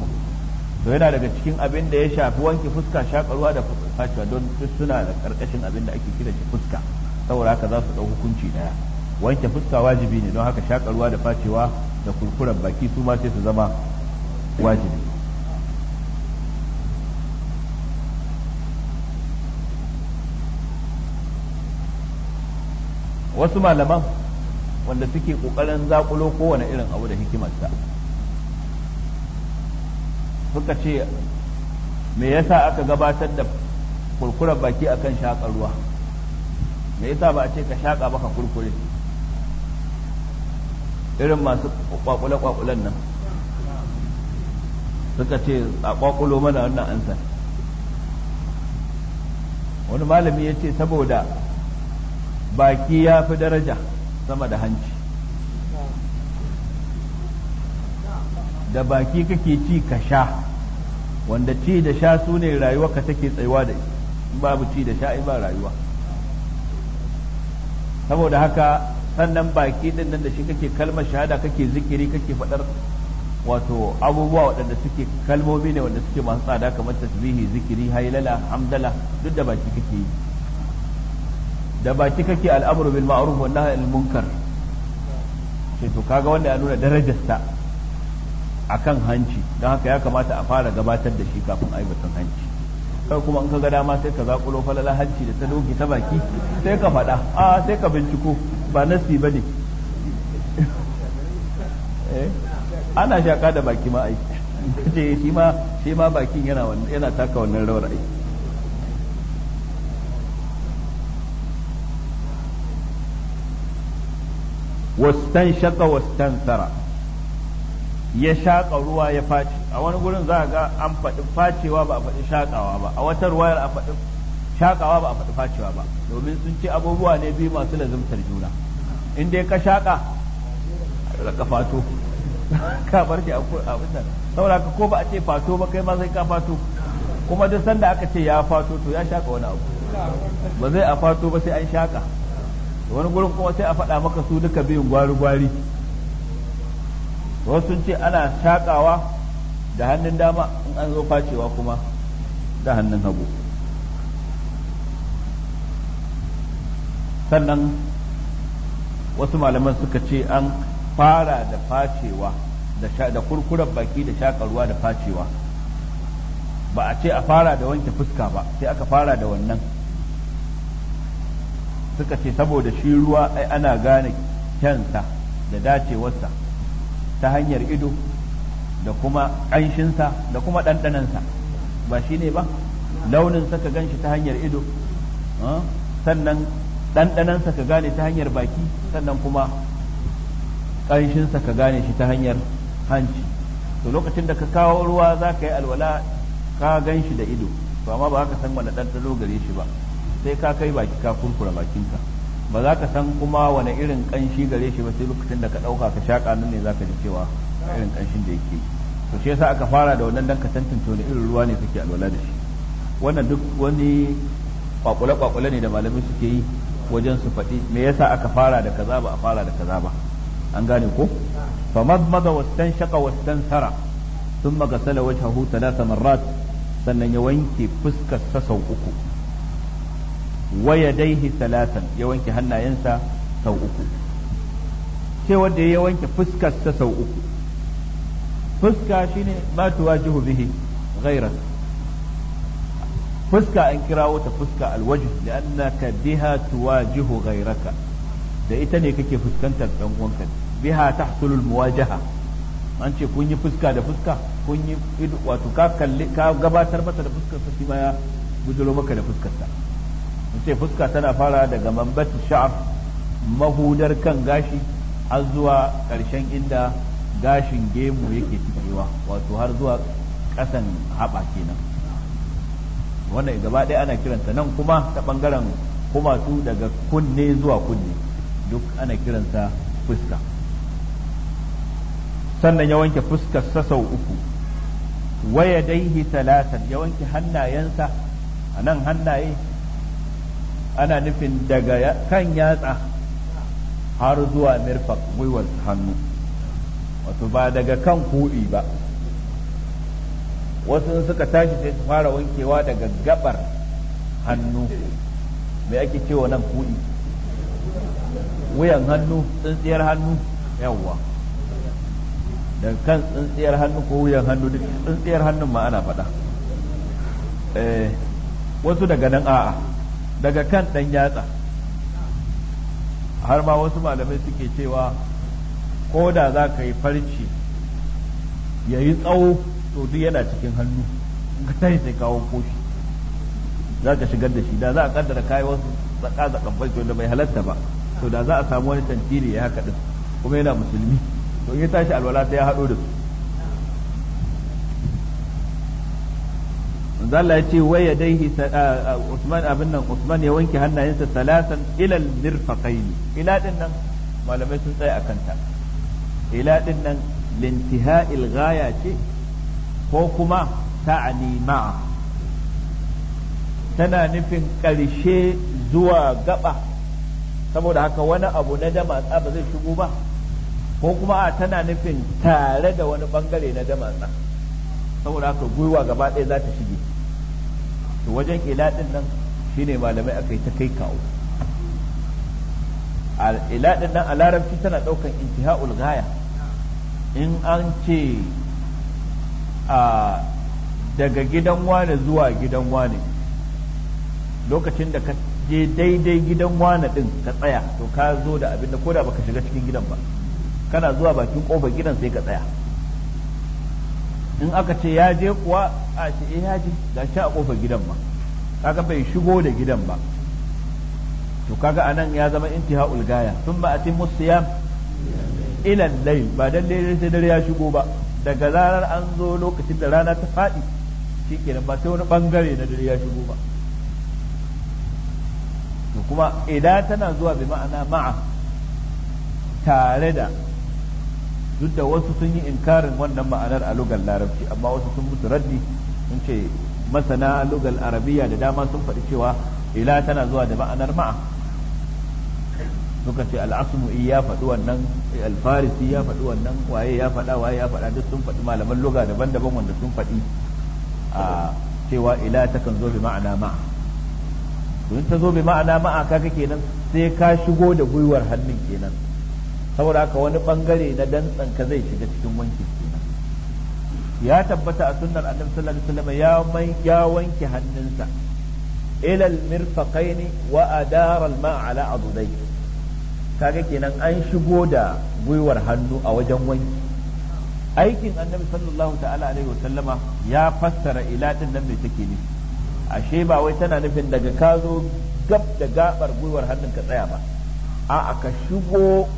to yana daga cikin abin da ya shafi wanke fuska shakarwa da fashewa don duk suna da karkashin abin da ake kira shi fuska saboda haka za su dau hukunci daya wanke fuska wajibi ne don haka shakarwa da fashewa da kurkuren baki su ma sai su zama wajibi wasu malaman wanda suke kokarin zakulo kowane irin abu da hikimarsa suka ce me yasa aka gabatar da kurkurar baki akan shaƙar ruwa me yasa ba a ce ka shaƙa ba ka kurkure irin masu kwakule-kwakulen nan suka ce a kwakulo mana wannan ansa wani malami ya ce saboda baki ya fi daraja sama da hanci da baki kake ci ka sha wanda ci da sha su ne rayuwa ka take tsayuwa da in babu ci da sha in ba rayuwa saboda haka sannan baki din nan da shi kake kalmar shahada kake zikiri kake faɗar wato abubuwa waɗanda suke kalmomi ne wanda suke masu tsada kamar tasbihi zikiri hailala hamdala duk da baki kake yi da baki kake al'amuru bil ma'ruf wa nahy al munkar sai to kaga wanda ya nuna darajarsa akan hanci don haka ya kamata a fara gabatar da shi kafin a yi batun hanci kai kuma in ka ga dama sai ka zaƙulo falala hanci da ta doki ta baki sai ka faɗa a sai ka binciko ba nasi ba ne eh? ana shaƙa da baki ma aiki. Eh, shi ma shi ma bakin yana taka wannan rawar aiki wastan shaka wastan tsara ya shaƙa ruwa ya faci a wani gurin za a ga an faɗi facewa ba a faɗi shaƙawa ba a wata ruwayar a faɗi shaƙawa ba a faɗi facewa ba domin sun ce abubuwa ne biyu masu lazimtar juna in dai ka shaƙa ka fato ka bar shi a abin saboda ka ko ba a ce fato ba kai ma sai ka fato kuma duk sanda aka ce ya fato to ya shaƙa wani abu ba zai a fato ba sai an shaƙa wani gurin kuma sai a faɗa maka su duka biyun gwari-gwari wasu ce ana takawa da hannun dama in an zo facewa kuma da hannun hagu sannan wasu malaman suka ce an fara da facewa da kurkuren baki da shakarwa da facewa ba a ce a fara da wanke fuska ba sai aka fara da wannan suka ce saboda shi ruwa ai ana gane kyansa da dacewarsa ta hanyar ido da kuma ƙanshinsa da kuma ɗanɗanansa ba shi ne ba launin ka gan shi ta hanyar ido ah, sannan ɗanɗanansa ka gane ta hanyar baki sannan kuma ƙanshinsa ka gane shi ta hanyar hanci to lokacin da ka kawo ruwa za ka yi alwala ka gan shi da ido to amma ba ka san wani ɗanɗano gare shi ba sai ka kai baki ka kurkura bakinka ba za ka san kuma wani irin kanshi gare shi ba sai lokacin da ka ɗauka ka shaƙa nan ne za ka ji cewa irin kanshin da yake to shi yasa aka fara da wannan dan ka tantance wani irin ruwa ne suke alwala da shi wannan duk wani kwakule kwakule ne da malamai suke yi wajen su faɗi me yasa aka fara da kaza ba a fara da kaza ba an gane ko fa madmada wastan sara thumma ghasala wajhahu thalath marrat sannan ya wanke fuskar sa sau uku wa yadayhi salasan ya wanke hannayensa sau uku ce wanda ya wanke fuskarsa sau uku fuska shine ma tuwajihu bihi ghairan fuska an kirawo ta fuska alwajh li'annaka biha tuwajihu ghairaka da ita ne fuskantar biha an ce kun yi fuska da fuska kun yi wato ka kalli ka gabatar masa da fuskarsa shi ma ya buduro maka da fuskarsa. ce fuska tana fara daga mambati sha'af mahudar kan gashi har zuwa ƙarshen inda gashin gemu yake cikewa wato har zuwa ƙasan haɓa kenan wannan gaba ɗaya ana kiranta nan kuma ta ɓangaren kumatu daga kunne zuwa kunne duk ana kiransa fuska sannan ya wanke fuska sau uku waya daihi talatan ya wanke hannayensa a nan hannaye ana nufin daga kan yatsa har zuwa mirfak gwiwar hannu wato ba daga kan kuɗi ba wasu suka tashi sai su fara wankewa daga gabar hannu mai ake cewa nan kuɗi wuyan hannu tsintsiyar hannu yawwa daga kan tsintsiyar hannu ko wuyan hannu duk tsintsiyar hannun ma ana faɗa eh, wasu daga nan a'a daga kan ɗan yatsa har ma wasu malamai suke cewa ko da za ka yi farce ya yi tsawo to duk yana cikin hannu ka tashi sai kawo koshi za ka shigar da shi da za a kaddara kayi wasu tsaka da zakan farce wanda bai halatta ba to da za a samu wani tantiri ya haka din kuma yana musulmi to in ya tashi alwala ta ya haɗo da su manzo Allah ya ce waya dai Usman abin nan Usman ya wanke hannayensa salasan ilal mirfaqain ila din nan malamai sun tsaya akan ta ila din nan lintiha'il ghaya ce ko kuma ta'ani ma'a tana nufin ƙarshe zuwa gaba saboda haka wani abu na damatsa ba zai shigo ba ko kuma a tana nufin tare da wani bangare na damatsa saboda haka gwiwa gaba ɗaya za ta shige to wajen ila nan shine malamai aka yi ta kai kawo ila din nan a larabci tana daukan intiha'ul gaya in an ce a daga gidan wane zuwa gidan wane lokacin da ka je daidai gidan wane din ka tsaya to ka zo da abin da koda baka shiga cikin gidan ba kana zuwa bakin kofar gidan sai ka tsaya in aka ce ya je kuwa a ce eh, ya je ga shi a kofar gidan ma kaga bai shigo da gidan ba to kaga anan ya zama intiha gaya sun ba a ce musiyam ila layl ba dan dai sai dare ya shigo ba daga zarar an zo lokacin da rana ta faɗi shikenan ba sai wani bangare na dare ya shigo ba to kuma idan tana zuwa bi ma'ana ma'a tare da duk da wasu sun yi inkarin wannan ma'anar a lugar larabci amma wasu sun mutu raddi sun ce masana lugar arabiya da dama sun faɗi cewa ila tana zuwa da ma'anar ma'a suka ce al'asmu ya faɗi wannan alfarisi ya faɗi wannan waye ya faɗa waye ya faɗa duk sun faɗi malaman luga daban-daban wanda sun faɗi a cewa ila takan zo bi ma'ana ma'a domin ta zo bi ma'ana ma'a kaga kenan sai ka shigo da gwiwar hannun kenan saboda haka wani bangare na dantsan ka zai shiga cikin wanki ya tabbata a sunnar annabi sallallahu alaihi wasallam ya mai ya wanke hannunsa ila al wa adara al-ma'a ala adudai kaga kenan an shigo da gwiwar hannu a wajen wanki aikin annabi sallallahu ta'ala alaihi wasallama ya fassara ila din nan me take nufi ashe ba wai tana nufin daga ka zo gab da gabar gwiwar hannun ka tsaya ba a'a ka shigo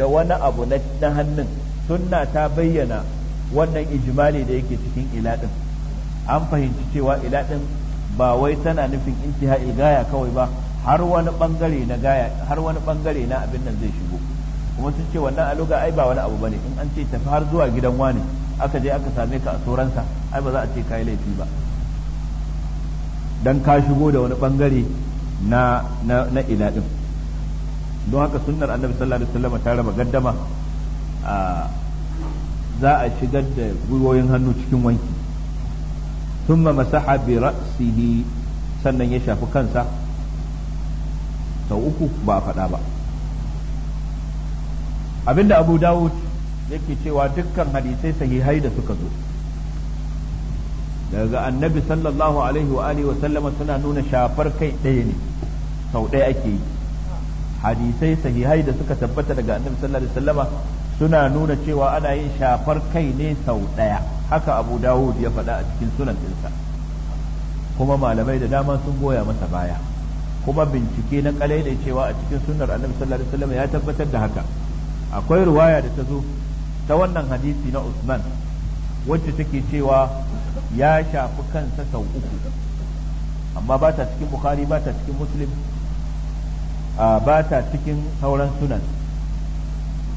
da wani abu na hannun sunna ta bayyana wannan ijimali da yake cikin iladin an fahimci cewa iladin ba wai tana nufin intihai gaya kawai ba har wani bangare na gaya har wani bangare na abin nan zai shigo kuma sun ce wannan aluga ai ba wani abu bane in an ce tafi har zuwa gidan wani aka je aka same ka a tsoransa ai ba za a ce kai laifi ba dan ka shigo da wani bangare na na, na iladin don haka sunnar annabi sallallahu alaihi wasallam ta raba gaddama a za a shigar da gwiwoyin hannu cikin wanki thumma masaha bi ra'sihi sannan ya shafi kansa sau uku ba a faɗa ba abinda abu dawud yake cewa dukkan hadisai sahihai da suka zo daga annabi sallallahu alaihi wa alihi wa sallama suna nuna shafar kai ɗaya ne sau ɗaya ake yi hadisai sahihai da suka tabbata daga annabi sallallahu alaihi wasallama suna nuna cewa ana yin shafar kai ne sau ɗaya haka abu dawud ya faɗa a cikin sunan dinsa kuma malamai da dama sun goya masa baya kuma bincike na kalai da cewa a cikin sunnar annabi sallallahu alaihi wasallama ya tabbatar da haka akwai ruwaya da tazo ta wannan hadisi na usman wacce take cewa ya shafi kansa sau uku amma ba ta cikin bukhari ba ta cikin muslim ba ta cikin sauran sunan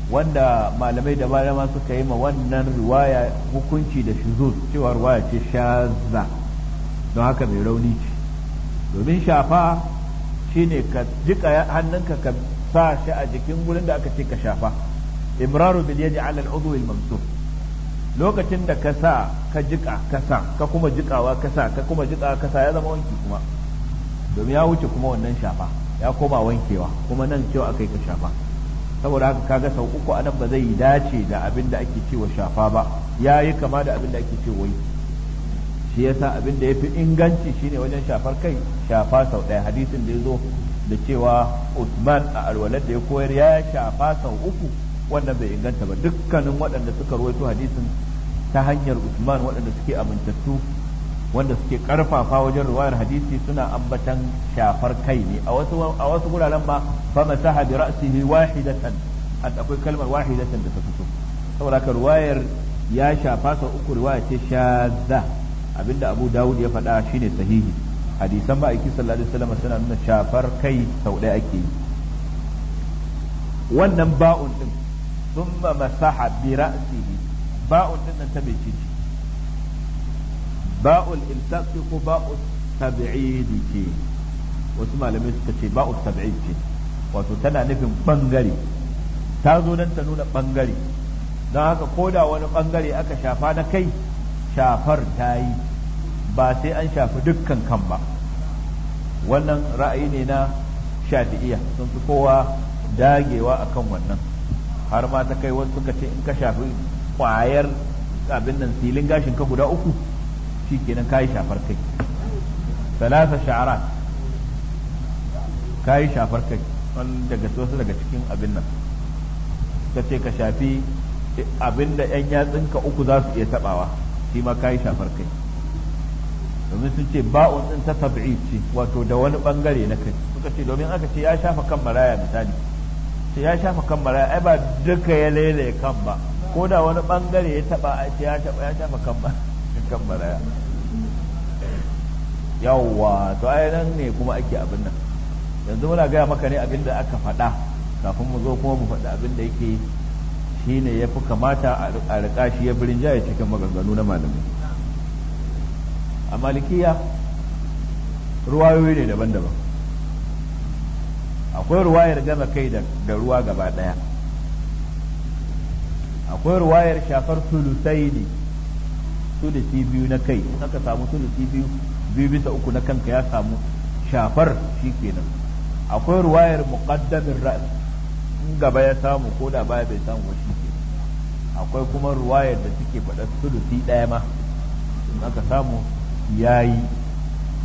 wanda malamai da malama suka yi ma wannan riwaya hukunci da shuzuz cewa riwaya ce shaza don haka mai rauni ce domin shafa shine ka jika hannunka ka sa shi a jikin gurin da aka ce ka shafa imraru bil yadi ala al udwi al lokacin da ka sa ka jika ka sa ka kuma jikawa ka sa ka kuma jika ka sa ya zama wanki kuma domin ya wuce kuma wannan shafa ya koma wankewa kuma nan cewa akai ka shafa saboda haka kaga sau uku a nan ba zai dace da abin da ake cewa shafa ba ya yi kama da abin da ake cewa wai shi yasa abin da ya fi inganci shine wajen shafar kai shafa sau ɗaya hadisin da ya zo da cewa Usman a alwalar da ya koyar ya shafa sau uku wannan bai inganta ba dukkanin waɗanda suka ruwaito hadisin ta hanyar Usman waɗanda suke amintattu wanda suke karfafa wajen ruwayar hadisi suna ambatan shafar kai ne a wasu a wasu guraren ma fa masaha bi ra'sihi wahidatan an akwai kalmar wahidatan da ta fito saboda ka ruwayar ya shafa sau uku ruwaya ce shadda abinda Abu Dawud ya faɗa shine sahihi hadisan ba aiki sallallahu alaihi wasallam suna nuna shafar kai sau ɗaya ake yi wannan ba'un din thumma masaha bi ra'sihi ba'un din nan ta bai ciki ba'ul iltaqi ko ba'ul tab'id ce wasu malamai suka ce ba'ul tab'id ce wato tana nufin bangare ta zo nan ta nuna bangare don haka ko da wani bangare aka shafa na kai shafar ta yi ba sai an shafi dukkan kan ba wannan ra'ayi ne na shafi'iya sun fi kowa dagewa akan wannan har ma ta kai wasu suka ce in ka shafi kwayar abin nan silin gashin ka guda uku shi kenan kayi shafar kai salasa sha'arat kayi shafar kai daga wasu daga cikin abin nan ka ce ka shafi abin da yan yatsinka uku za su iya tabawa shi ma kayi shafar kai domin sun ce ba'un din ta tabi'i ce wato da wani bangare na kai suka ce domin aka ce ya shafa kan maraya misali ce ya shafa kan maraya ai ba duka ya lailaye kan ba ko da wani bangare ya taba a ce ya ya shafa kan ba kan baraya yawwa to ai nan ne kuma ake abin nan yanzu muna gaya maka ne abin da aka faɗa kafin mu zo kuma mu faɗi abin da yake shi ne ya fi kamata a riƙa shi ya birin jaya cikin maganganu na malami. a malikiya ruwayoyi ne daban-daban akwai ruwayar gama kai da ruwa gaba ɗaya akwai ruwayar shafar sulusai ne sulusi biyu na kai in aka samu sulusi biyu biyu bisa uku na kanka ya samu shafar shi kenan akwai ruwayar muqaddamin ra's in gaba ya samu ko da baya bai samu ba shi akwai kuma ruwayar da suke faɗa sulusi ɗaya ma in aka samu yayi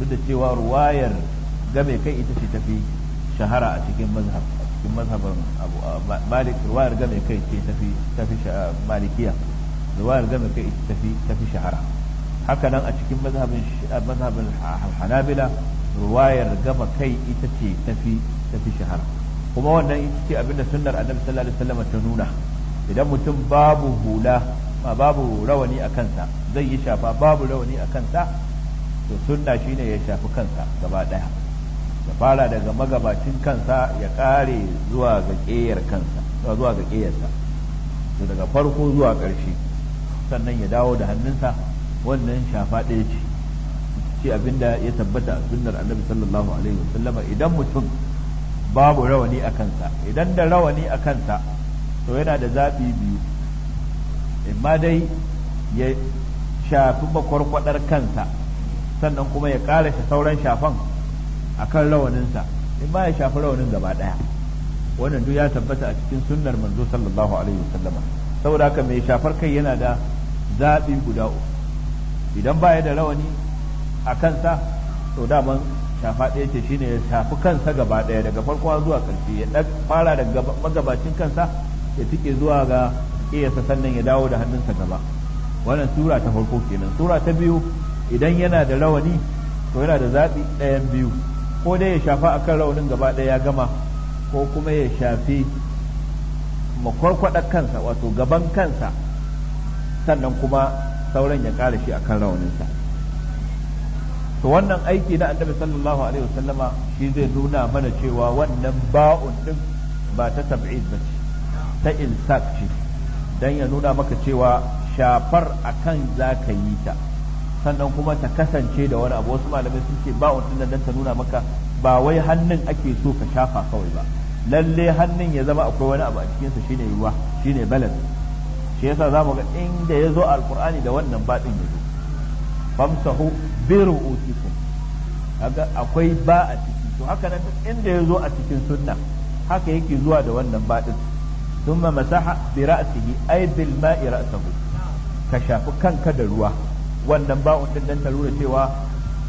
duk da cewa ruwayar game kai ita ce tafi shahara a cikin mazhab a cikin abu malik ruwayar game kai ce tafi tafi malikiya ruwayar game kai ita tafi tafi shahara haka nan a cikin mazhabin mazhabin hanabila riwayar gama kai ita ce tafi tafi shahara kuma wannan ita ce abinda sunnar annabi sallallahu alaihi wasallam ta nuna idan mutum babu hula ma babu rawani a kansa zai yi shafa babu rawani a kansa to sunna shine ya shafi kansa gaba daya ya fara daga magabacin kansa ya kare zuwa ga kansa zuwa ga to daga farko zuwa ƙarshe sannan ya dawo da hannunsa wannan shafa ɗaya ce ce abinda ya tabbata a sunnar annabi sallallahu alaihi wasallama idan mutum babu rawani a kansa idan da rawani a kansa to yana da zaɓi biyu ma dai ya shafi makwarkwadar kansa sannan kuma ya ƙara sauran shafan a kan rawaninsa in ba ya shafi rawanin gaba ɗaya wannan duk ya tabbata a cikin sunnar manzo sallallahu alaihi wasallama saboda haka mai shafar kai yana da zaɓi guda uku idan ba ya da rawani a kansa to daman shafa ɗaya ce shine ya shafi kansa gaba ɗaya daga farko zuwa ƙarshe ya ɗan fara daga magabacin kansa ya tike zuwa ga ƙiyasa sannan ya dawo da hannunsa gaba wannan sura ta farko kenan sura ta biyu idan yana da rawani to yana da zaɓi ɗayan biyu ko dai ya shafa akan rawanin gaba ɗaya ya gama ko kuma ya shafi makwarkwaɗa kansa wato gaban kansa sannan kuma sauran ya kare shi akan rawaninsa to wannan aiki na annabi sallallahu alaihi wasallama shi zai nuna mana cewa wannan ba'un din ba ta tab'id ba ce ta ilsaq ce dan ya nuna maka cewa shafar akan za yi ta sannan kuma ta kasance da wani abu wasu malamai sun ce ba'un din dan ta nuna maka ba wai hannun ake so ka shafa kawai ba lalle hannun ya zama akwai wani abu a cikinsa shine ruwa shine balance shi yasa za mu ga inda ya zo alkur'ani da wannan baɗin ya zo famsahu biru usikum kaga akwai ba a ciki to haka nan inda ya zo a cikin sunna haka yake zuwa da wannan baɗin thumma masaha bi ra'sihi ay bil ma'i ra'sahu ka shafi kanka da ruwa wannan ba'un din dan ta lura cewa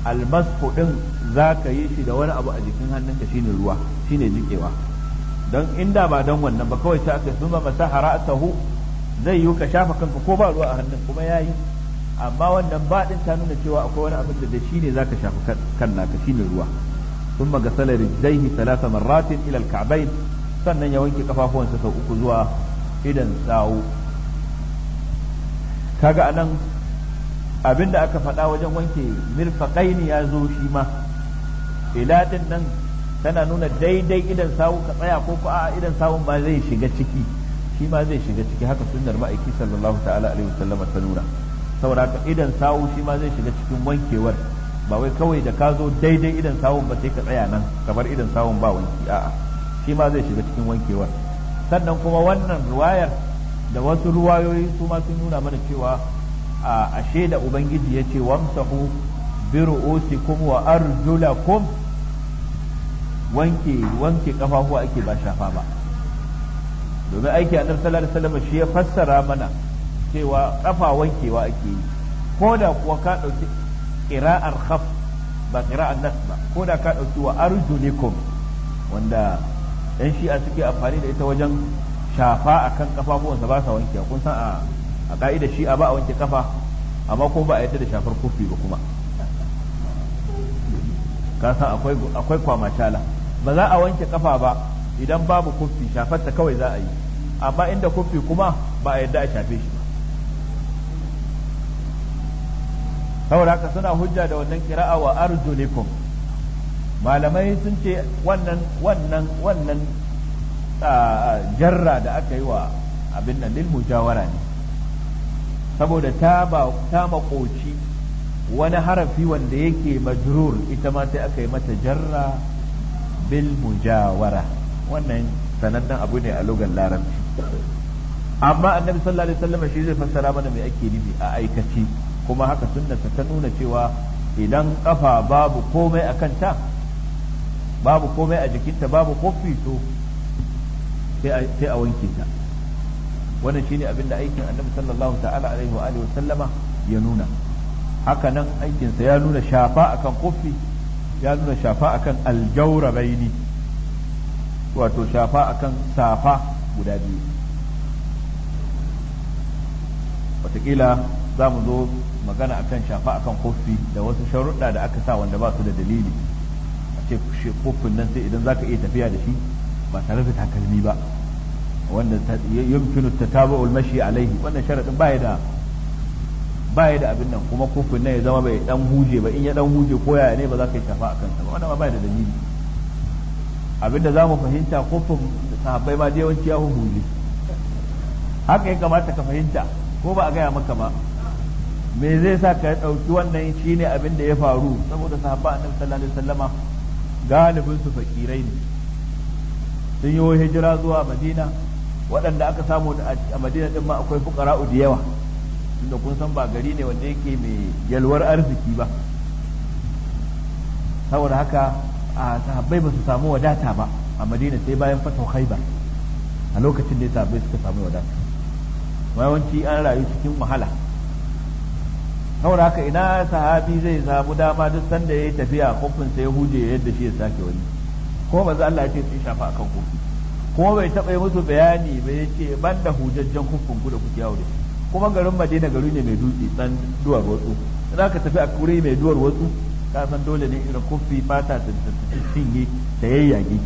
almasku din za ka yi shi da wani abu a jikin hannunka shine ruwa shine jikewa don ba don wannan ba kawai ta aka thumma masaha ra'sahu zai yi ka shafa kanka ko ba ruwa a hannun kuma ya yi amma wannan baɗin ta nuna cewa akwai wani abin da da shi ne zaka shafa kan naka shine ruwa ثم غسل رجليه salasa marratin ilal kabai sannan ya wanke kafafuwansa sau uku zuwa idan sawu kaga anan abinda aka faɗa wajen wanke mirfaƙaini ya zo shi ma ilatin nan tana nuna daidai idan sawu ka tsaya ko ko a idan sawun ba zai shiga ciki shi ma zai shiga ciki haka sunnar ma'aiki sallallahu ta'ala alaihi wasallam ta nuna saboda haka idan sawu shi ma zai shiga cikin wankewar ba wai kawai da ka zo daidai idan sawun ba sai ka tsaya nan kamar idan sawun ba wanki a'a shi ma zai shiga cikin wankewar sannan kuma wannan ruwayar da wasu ruwayoyi su ma sun nuna mana cewa a ashe da ubangiji ya ce wamsahu bi ru'usikum wa arjulakum wanke wanke kafafuwa ake ba shafa ba domin aiki a sallallahu da salama shi ya fassara mana cewa kafa wankewa ake yi ko da kuwa ka ɗauki ƙira'ar khaf ba ƙira'ar nas ba ko da ka ɗauki wa arjulikum wanda yan shi'a suke amfani da ita wajen shafa a akan kafafuwansa ba sa wankewa kun san a ƙa'ida shi shi'a ba a wanke kafa amma ko ba a yadda da shafar kofi ba kuma ka san akwai akwai kwamashala ba za a wanke kafa ba idan babu kuffi shafarta kawai za a yi amma inda kuffi kuma ba a yadda a shafe shi ba saboda haka suna hujja da wannan kira'a wa arjulikum malamai sun ce wannan wannan wannan jarra da aka yi wa abin nan lil mujawara ne saboda ta ba ta makoci wani harafi wanda yake majrur ita ma sai aka yi mata jarra bil mujawara wannan sanannen abu ne a lugan larabci amma annabi sallallahu alaihi wasallam shi zai fassara mana me ake nufi a aikace kuma haka sunnata ta nuna cewa idan kafa babu komai a kanta babu komai a jikinta babu kofi to sai a wanke ta wannan shine abin da aikin annabi sallallahu ta'ala alaihi wa alihi sallama ya nuna haka nan aikinsa ya nuna shafa akan kofi ya nuna shafa akan aljaurabaini wato shafa akan safa guda biyu watakila za mu zo magana akan shafa akan kofi da wasu sharuɗa da aka sa wanda ba su da dalili a ce kofin nan sai idan za ka iya tafiya da shi ba tare da takalmi ba wanda yumkinu tatabu'ul mashi alaihi wannan sharadin baya da baya da abin nan kuma kofin nan ya zama bai dan huje ba in ya dan huje ko yaya ne ba za ka yi shafa akan sa ba wannan ba da dalili abinda za mu fahimta ko sahabbai ma da yawanci ya huli haka ya kamata ka fahimta ko ba a gaya maka ba me zai sa ka ɗauki wannan shine abin da ya faru saboda sahabba annabi sallallahu alaihi wasallama galibin su fakirai ne sun yi hijira zuwa madina waɗanda aka samu a madina din ma akwai fuqara'u da yawa tunda kun san ba gari ne wanda yake mai yalwar arziki ba saboda haka a sahabbai ba su samu wadata ba a madina sai bayan fatan a lokacin da ya sahabbai suka samu wadata yawanci an rayu cikin wahala saboda haka ina sahabi zai samu dama duk sanda ya yi tafiya kofin sai ya huje yadda shi ya sake wani ko ba za Allah ya ce yi shafa akan kofi kuma bai taɓa yi musu bayani ba ya ce ban da hujajjen kufin ku da kuke yawo kuma garin madina gari ne mai dutse dan duwar wasu za ka tafi a kure mai duwar wasu ka san dole ne irin kufi fata ta cinye da yayyage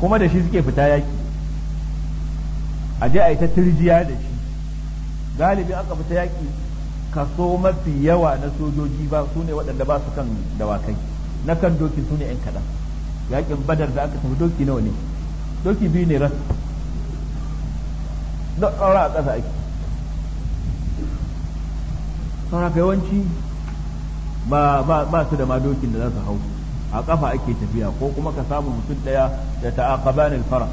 kuma da shi suke fita yaki a je a yi ta turjiya da shi galibi aka fita yaki kaso mafi yawa na sojoji ba su ne waɗanda ba su kan dawakai na kan doki su ne 'yan kaɗan yakin badar da aka tafi doki nawa ne doki biyu ne ras na ɗaura a ƙasa ake sauraka yawanci ba ba ba su da madokin da za su hau a kafa ake tafiya ko kuma ka samu mutum daya da ta'aqaban al fara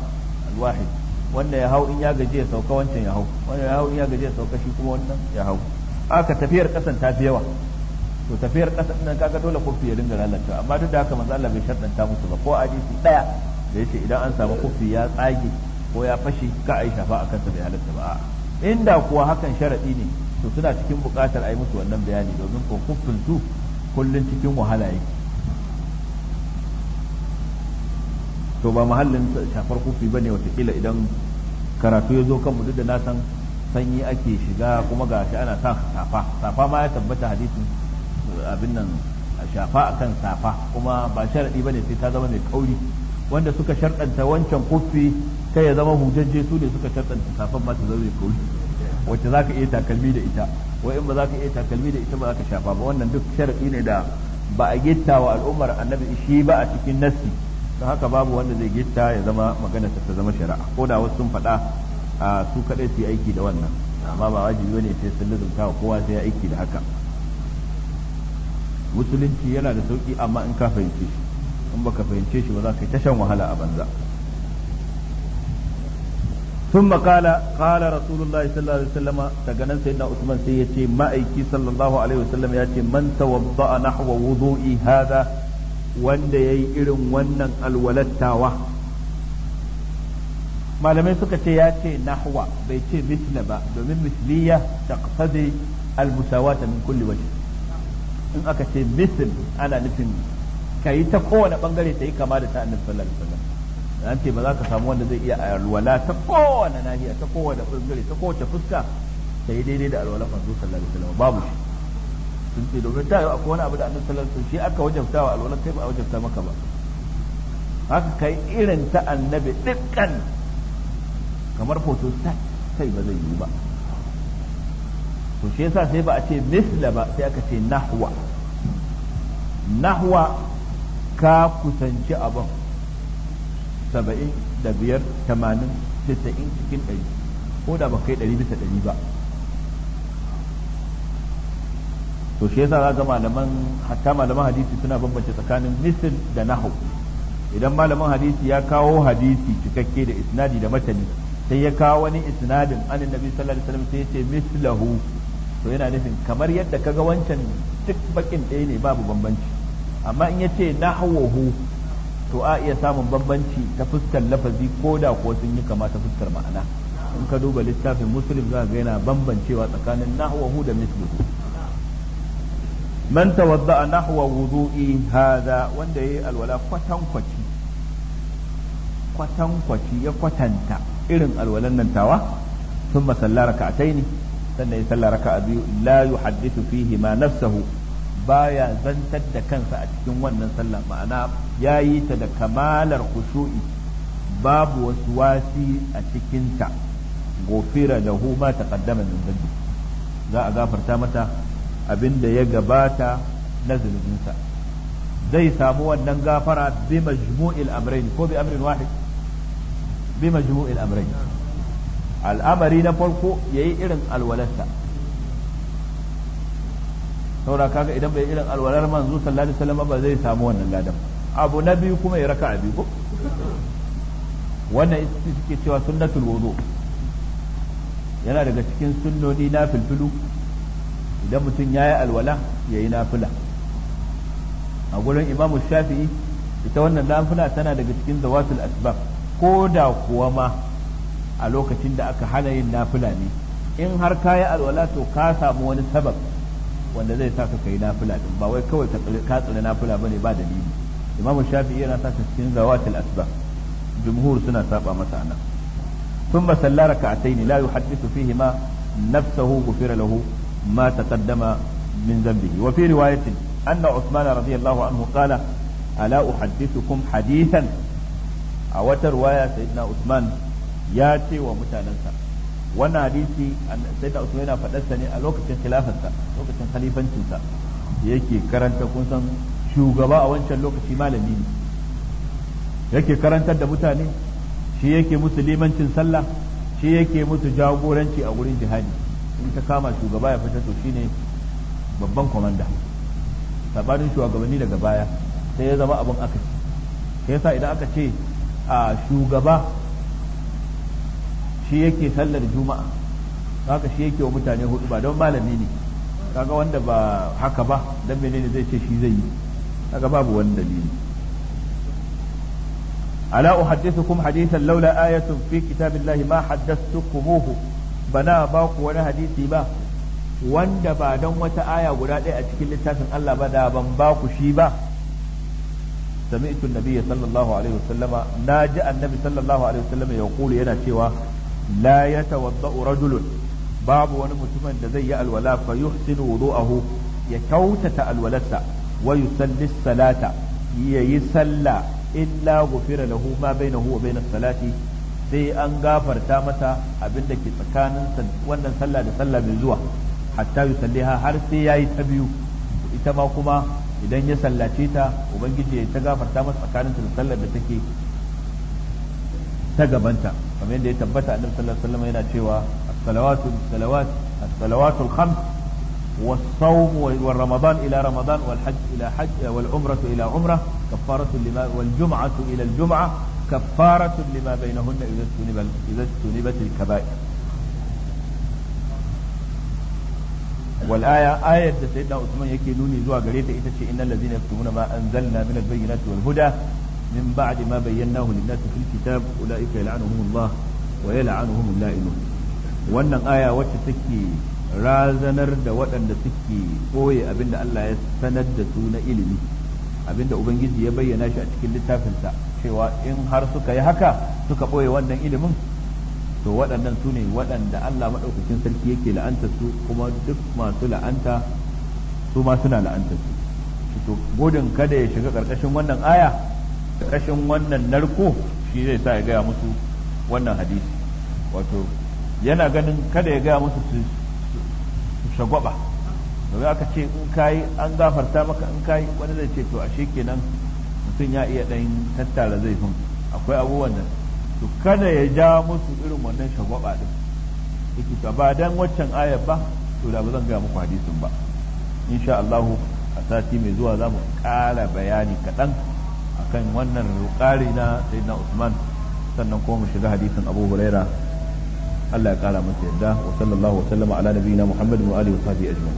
al-wahid wanda ya hau in ya gaje ya sauka wancan ya hau wanda ya hau in ya gaje ya sauka shi kuma wannan ya hau aka tafiyar kasan ta fi yawa to tafiyar kasan nan kaga dole kofi ya dinga lalata amma duk da haka manzo Allah bai shartanta musu ba ko hadisi daya da yace idan an samu kofi ya tsage ko ya fashe ka aisha fa akan sa bai halatta ba inda kuwa hakan sharadi ne to suna cikin buƙatar a yi musu wannan bayani domin ko su kullum cikin wahala yake to ba mahallin shafar kufi bane watakila idan karatu ya zo kanmu duk da na san sanyi ake shiga kuma ga shi ana sa safa safa ma ya tabbata hadisin eh, abin nan shafa akan safa kuma ba sharadi bane sai ta zama mai kauri wanda suka sharɗanta wancan kufi kai ya zama hujajje su ne suka sharɗanta safan ma ta zama mai kauri wacce ka iya takalmi da ita ko in ba za ka iya takalmi da ita ba za ka shafa ba wannan duk sharadi ne da ba a gitta wa al'ummar annabi shi ba a cikin nassi don haka babu wanda zai gitta ya zama magana ta zama shari'a ko da wasu sun faɗa a su kaɗai su yi aiki da wannan amma ba wajibi ne sai sun lizumta wa kowa sai ya aiki da haka musulunci yana da sauki amma in ka fahimce shi in baka fahimce shi ba za ka yi tashan wahala a banza ثم قال قال رسول الله صلى الله عليه وسلم تجنن سيدنا عثمان سيتي ما أيكي صلى الله عليه وسلم يأتي من توضأ نحو وضوئي هذا wanda ya yi irin wannan alwalattawa malamai suka ce ya ce nahwa bai ce misla ba domin misliya taqtadi almusawata min kulli waje in aka ce misl ana nufin kayi ta kowane bangare ta yi kama da ta an ce ba za ka samu wanda zai iya alwala ta kowane nahiya ta kowane bangare ta kowace fuska ta yi daidai da alwalan manzo sallallahu alaihi wasallam babu shi sun ce domin ta yi akwai wani abu da annabi sallallahu alaihi wasallam shi aka wajabta wa alwalan kai ba a wajabta maka ba haka kai irin ta annabi dukkan kamar hoto sai ba zai yi ba to shi yasa sai ba a ce misla ba sai aka ce nahwa nahwa ka kusanci abin saba'in da biyar tamanin tisa'in cikin ɗari ko da ba kai ɗari bisa ɗari ba to shi yasa ga malaman hatta malaman hadisi suna bambance tsakanin misl da nahu idan malaman hadisi ya kawo hadisi cikakke da isnadi da matani sai ya kawo wani isnadin anin nabi sallallahu alaihi wasallam sai ya ce mislahu to yana nufin kamar yadda kaga wancan duk bakin ɗaya ne babu bambanci amma in ya ce nahwahu to a iya samun bambanci ta fuskar lafazi ko da ko sun yi kama ta fuskar ma'ana in ka duba littafin muslim za ga yana bambancewa tsakanin nahwahu da mislihu man tawadda'a nahwa wudu'i hadha wanda yayi alwala kwatankwaci kwatankwaci ya kwatanta irin alwalan nan tawa thumma salla raka'ataini sannan ya salla raka'a biyu la yuhaddithu fihi ma nafsahu baya zantar da kansa a cikin wannan sallah ma'ana ya yi ta da kamalar khushu'i babu wasu wasi a cikinta gofira da ta taqaddama min zambi za a gafarta mata da ya gabata na zunubinsa zai samu wannan gafara bi majmu'il amrayn ko bi amrin wahid bi majmu'il al'amari na farko yayi irin alwalarsa saboda kaga idan bai irin alwalar manzo sallallahu alaihi wasallam ba zai samu wannan ladan abu na biyu kuma ya raka abi ko wannan ita suke cewa sunnatul wudu yana daga cikin sunnoni na filfilu idan mutum ya yi alwala ya yi nafila a gurin imamu shafi'i ita wannan nafila tana daga cikin zawatul asbab ko da kuwa ma a lokacin da aka hana yin nafila ne in har ka yi alwala to ka samu wani sabab wanda zai sa ka kai nafila din ba wai kawai ka tsare nafila ne ba dalili imamu shafi'i yana sa ka cikin zawatul asba jumhur suna saba masa anan thumma salla rak'ataini la yuhaddithu fihima nafsuhu ghufira lahu ma taqaddama min dhanbihi wa fi riwayati anna usman radiyallahu anhu qala ala uhaddithukum hadithan a wata riwaya sayyidina usman ya ce wa mutanansa wannan hadisi sai da usman yana faɗarsa ne a lokacin khilafarsa lokacin khalifancinsa yake karanta kun san shugaba a wancan lokaci malami ne yake karantar da mutane shi yake musu limancin sallah shi yake musu jagoranci a wurin jihadi in ta kama shugaba ya fita to shine babban komanda sabanin shugabanni daga baya sai ya zama abin aka ce sai yasa idan aka ce a shugaba shi yake sallar juma'a haka shi yake wa mutane hudu ba don malami ne kaga wanda ba haka ba dan menene zai ce shi zai yi kaga babu wani dalili ala uhaddithukum hadithan laula ayatun fi kitabillahi ma haddathtukumuhu bana ba ku wani hadisi ba wanda ba don wata aya guda ɗaya a cikin littafin Allah ba da ban ba ku shi ba sami'tu nabiyya sallallahu alaihi wasallama naji annabi sallallahu alaihi wasallama ya kulu yana cewa la yatawadda'u rajulun babu wani mutumin da zai yi alwala fa yuhsinu wudu'ahu ya kyautata alwalarsa wa yusalli salata ya yi salla illa ghufira lahu salati sai an gafarta masa abin da ke tsakanin wannan sallah da sallah mai zuwa hatta yusalliha har sai yayi ta biyu ita ma kuma idan ya sallace ta ubangiji ya ta gafarta masa tsakanin da sallar da take ta gabanta kamar yadda ya tabbata annabi sallallahu alaihi wasallam yana cewa as-salawatu salawat as-salawatu al-khams والصوم والرمضان إلى رمضان والحج إلى حج والعمرة إلى عمرة كفارة لما والجمعة إلى الجمعة كفارة لما بينهن إذا اجتنب إذا اجتنبت الكبائر. والآية آية سيدنا عثمان يكي نوني زوا قريتا إتشي إن الذين يكتمون ما أنزلنا من البينات والهدى من بعد ما بيناه للناس في الكتاب أولئك يلعنهم الله ويلعنهم اللائنون wannan aya wacce take razanar da waɗanda suke koye abinda Allah ya sanar da su na ilimi abinda ubangiji ya bayyana shi a cikin littafinsa cewa in har suka yi haka suka ɓoye wannan ilimin to waɗannan su ne waɗanda Allah maɗaukakin sarki yake la'anta su kuma duk masu la'anta su ma suna la'anta su to gudun kada ya shiga ƙarƙashin wannan aya kashin wannan narko shi zai sa ya gaya musu wannan hadisi wato yana ganin kada ya gaya musu su shagwaba domin aka ce in kayi an gafarta maka in kayi wani zai ce to ashe kenan mutum ya iya ɗan tattara zai zaifin akwai abubuwan nan to kada ya ja musu irin wannan shagwaba din yake to ba dan waccan ayar ba to da ba zan gaya muku hadisin ba insha Allah a sati mai zuwa za mu ƙara bayani kaɗan akan wannan ƙari na sayyidina Usman sannan kuma mu shiga hadisin Abu Huraira Allah ya kara masa yadda wa sallallahu wa sallama ala nabiyina Muhammad wa alihi wa sahbihi ajma'in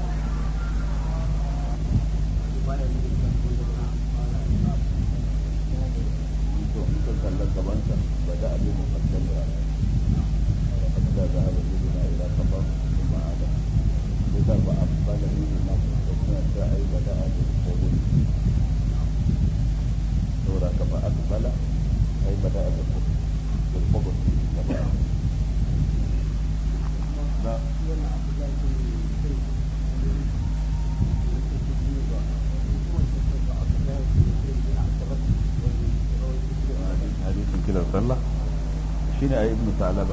الله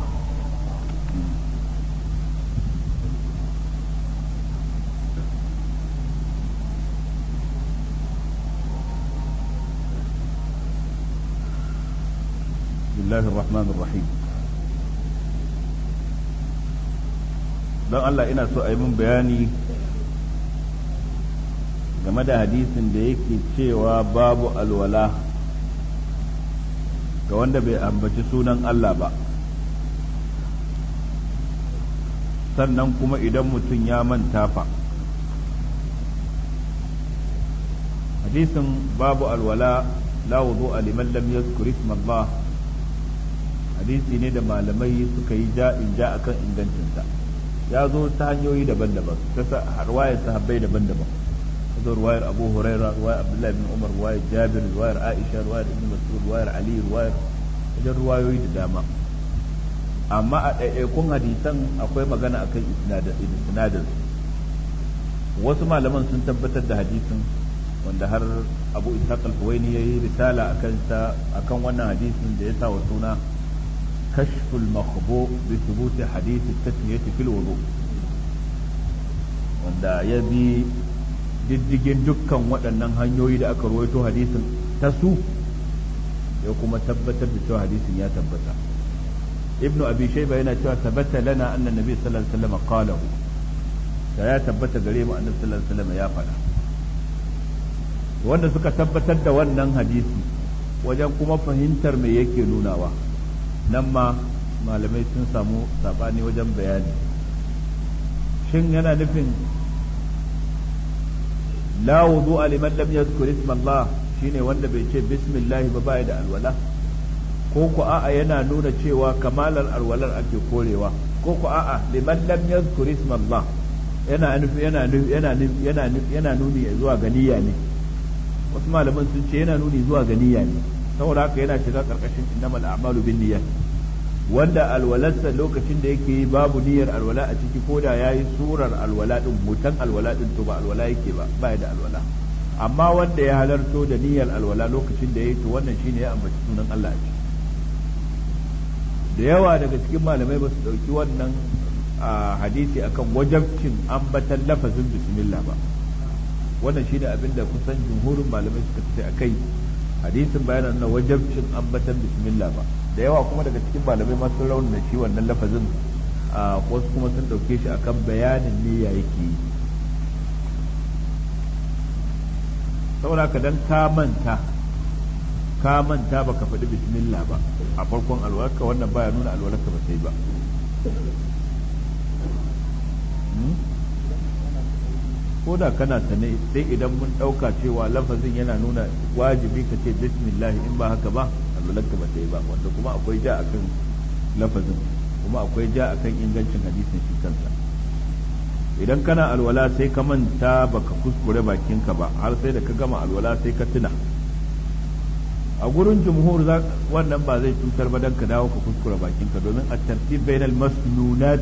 الرحمن الرحيم don Allah ina so a yi min bayani game da hadisin da yake cewa babu alwala ga wanda bai ambaci sunan Allah ba sannan kuma idan mutum ya manta fa hadisin babu alwala la wudu liman lam yazkur ismallah hadisi ne da malamai suka yi ja'in ja akan ingancinsa ya zo ta hanyoyi daban-daban ta ruwayar sahabbai daban-daban ta zo ruwayar Abu Huraira ruwayar abdullahi bin Umar ruwayar Jabir ruwayar Aisha ruwayar Ibn Mas'ud ruwayar Ali ruwayar wajen ruwayoyi da dama amma a ɗaiɗaikun hadisan akwai magana a kan isnadin wasu malaman sun tabbatar da hadisin wanda har abu ishaq al-huwaini yi risala a kan wannan hadisin da ya sa wa suna kashful makhbu bi thubuti hadith at fil wudu wanda ya bi diddigin dukkan waɗannan hanyoyi da aka rawaito hadisin ta su ya kuma tabbatar da cewa hadisin ya tabbata ibnu abi shayba yana cewa tabbata lana anna nabi sallallahu alaihi wasallam qalahu da ya tabbata gare mu annabi sallallahu alaihi ya faɗa wanda suka tabbatar da wannan hadisi wajen kuma fahimtar me yake nunawa nan ma malamai sun samu sabani wajen bayani shin yana nufin la wudu liman lam yadhkur isma Allah shine wanda bai ce bismillah ba bai da alwala ko ku a'a yana nuna cewa kamalar alwalar ake korewa ko ku a'a liman lam yazkur ismallah yana nufi yana nufi yana nufi yana nuni zuwa ganiya ne wasu malaman sun ce yana nuni zuwa ganiya ne saboda haka yana shiga karkashin innamal a'malu bin niyyat wanda alwalarsa lokacin da yake babu niyyar alwala a ciki ko da yayi surar alwala din mutan alwala din to ba alwala yake ba ba da alwala amma wanda ya halarto da niyyar alwala lokacin da yayi to wannan shine ya ambaci sunan Allah a ciki da yawa daga cikin malamai ba su ɗauki wannan hadisi akan wajabcin ambatan lafazin bismillah ba wannan shine abin da kusan jumhurin malamai suka sai a kai hadisin bayan na wajabcin ambatan bismillah ba da yawa kuma daga cikin malamai masu da shi wannan lafazin wasu kuma sun ɗauke shi akan bayanin ne ya yake yi saboda ka dan ka manta ka manta ba ka faɗi bismillah ba a farkon alwalarka wannan baya nuna alwalarka ba sai ba hmm? ko da kana sane sai idan mun ɗauka cewa lafazin yana nuna wajibi ka ce bismillah in ba haka ba alwalarka ba sai ba wanda kuma akwai ja akan lafazin kuma akwai ja akan ingancin hadisin shi kansa idan kana alwala sai ka manta baka kuskure bakinka ba har sai da ka gama alwala sai ka tuna a gurin jumhur wannan ba zai cutar ba dan ka dawo ka kuskura bakinka domin a tartib bainal masnunat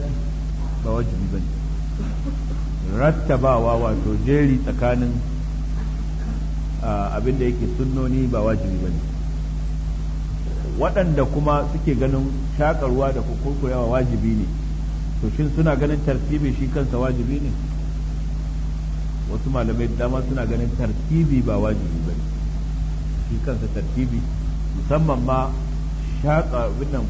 ba wajibi bane rattabawa wato jeri tsakanin abin da yake sunnoni ba wajibi bane waɗanda kuma suke ganin shakarwa da kukurkurewa wajibi ne to shin suna ganin tartibi shi kansa wajibi ne wasu malamai dama suna ganin tartibi ba wajibi bane shi kansa tartibi musamman ma shaƙa wannan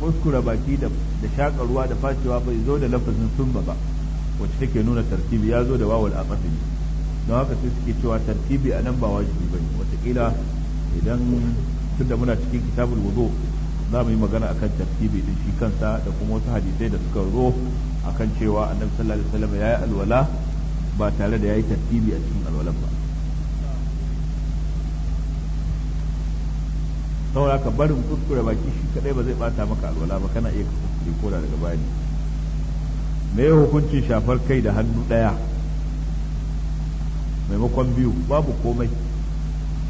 kuskura baki da shaƙa ruwa da facewa bai zo da lafazin sunba ba wacce take nuna tartibi ya zo da wawal a ƙasa don haka sai suke cewa tartibi a nan ba wajibi ba ne watakila idan tunda muna cikin kitabul wudu za mu yi magana akan tartibi din shi kansa da kuma wasu hadisai da suka zo akan cewa annabi sallallahu alaihi wasallam ya yi alwala ba tare da ya yi tartibi a cikin alwalan ba saboda ka barin kuskure baki shi kadai ba zai bata maka alwala ba kana iya kuskure ko daga bayani me ya hukunci shafar kai da hannu daya maimakon biyu babu komai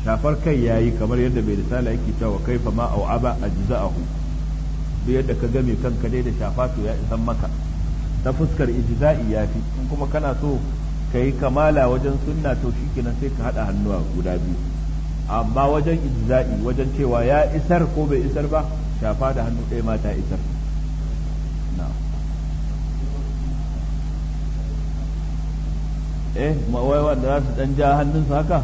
shafar kai yayi kamar yadda bai risala yake cewa fa ma au aba ajza'ahu duk yadda ka game kanka dai da shafa to ya isan maka ta fuskar ijza'i ya fi kuma kana so ka kamala wajen sunna to shikenan sai ka haɗa hannuwa guda biyu amma wajen izza'i wajen cewa ya isar ko bai isar ba shafa da hannu ɗaya mata isar eh wai wanda za su ɗan ja hannunsu haka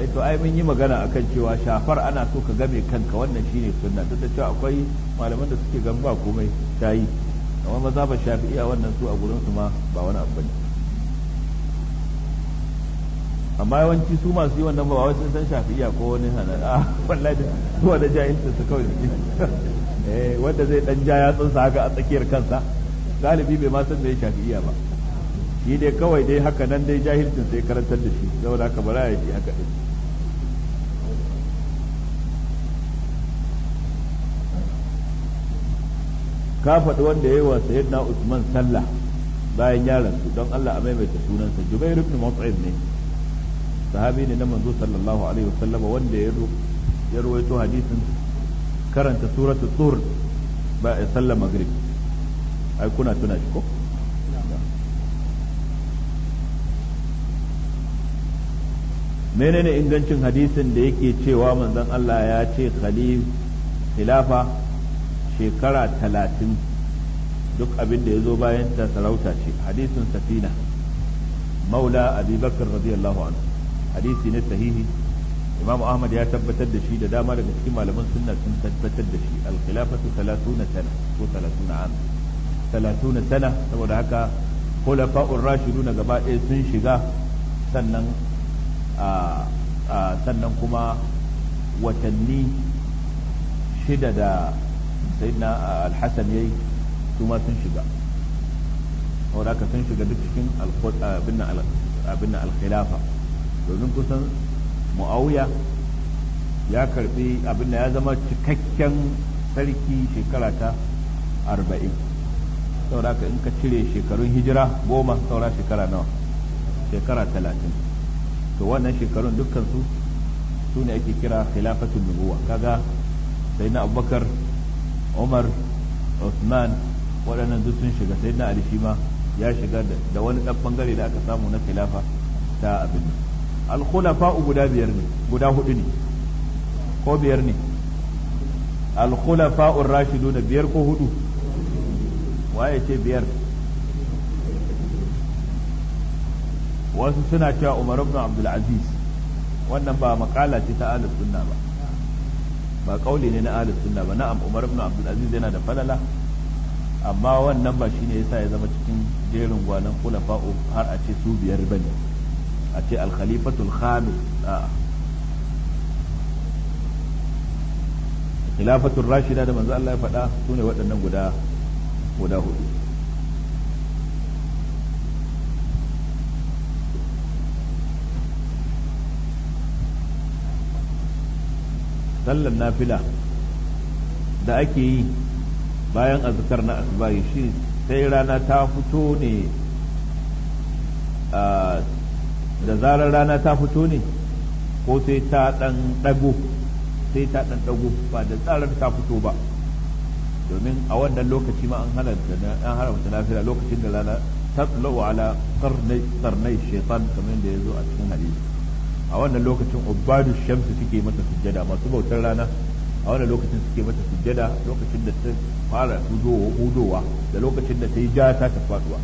eh to ai mun yi magana akan cewa shafar ana so ka game kanka wannan shine sunna duk da cewa akwai malaman da suke gamba komai tayi amma maza ba shafi'iya wannan su a gurin su ma ba wani abu bane amma yawanci su masu yi wannan ba wai sun san shafi'iya ko wani a ah, wallahi zuwa da jahilcin su kawai eh wanda zai dan ja ya tsinsa haka a tsakiyar kansa galibi bai ma san da ya shafi'iya ba shi dai kawai dai haka nan dai jahilcin sai karantar da shi saboda haka bara ya shi haka din ka faɗi wanda ya yi wa sayyidina Usman sallah bayan yaran su don Allah a maimaita sunansa Jubair ibn Mut'im ne sahabi ne na manzo sallallahu alaihi wasallam wanda ya ya ruwaito hadisin karanta suratu tur ba ya sallar maghrib ai kuna tuna shi ko menene ingancin hadisin da yake cewa manzon Allah ya ce khalif khilafa shekara talatin duk abin da ya zo bayan ta sarauta ce hadisin safina maula abubakar radiyallahu anhu hadisi ne sahihi imamu ahmad ya tabbatar da shi da dama daga cikin malaman sunna sun tabbatar da shi al-khilafatu 30 sana ko 30 am 30 sana saboda haka khulafa'ur rashiduna gaba ɗaya sun shiga sannan sannan kuma watanni shida da sayyidina al-hasan yayi su ma sun shiga saboda haka sun shiga duk cikin abin al-khilafa domin kusan mu'awiya ya karbi abin da ya zama cikakken sarki shekara ta arba'in saura ka in ka cire shekarun hijira goma saura shekara nawa shekara talatin to wannan shekarun dukkansu su ne ake kira khilafatun nubuwa kaga sai na abubakar umar Osman waɗannan duk sun shiga sai na ali Shima ma ya shiga da wani ɗan bangare da aka samu na khilafa ta abin nan al-khulafa'u guda biyar ne guda hudu ne ko biyar ne al rashidu rashidun biyar ko hudu waye ce biyar wasu suna cewa Umar ibn Abdul Aziz wannan ba makala ce ta Ahlus Sunna ba ba kauli ne na Ahlus Sunna ba na'am Umar ibn Abdul Aziz yana da falala amma wannan ba shine yasa ya zama cikin jerin gwanan khulafa'u har a ce su biyar bane a ce al-khalifatul khamis a'a khilafatul rashida da manzo Allah ya faɗa su ne waɗannan guda guda hudu sallar nafila da ake yi bayan azkar na asbahi shi sai rana ta fito ne a da zarar rana ta fito ne ko sai ta ɗan ɗago sai ta ɗan ɗago ba da zarar ta fito ba domin a wannan lokaci ma an na an haramta nafila lokacin da rana ta tsallawa ala karnai shaitan kamar da ya zo a cikin hadisi a wannan lokacin ubadu shamsu suke mata sujjada masu bautar rana a wannan lokacin suke mata sujjada lokacin da ta fara hudowa da lokacin da ta yi ja ta faduwa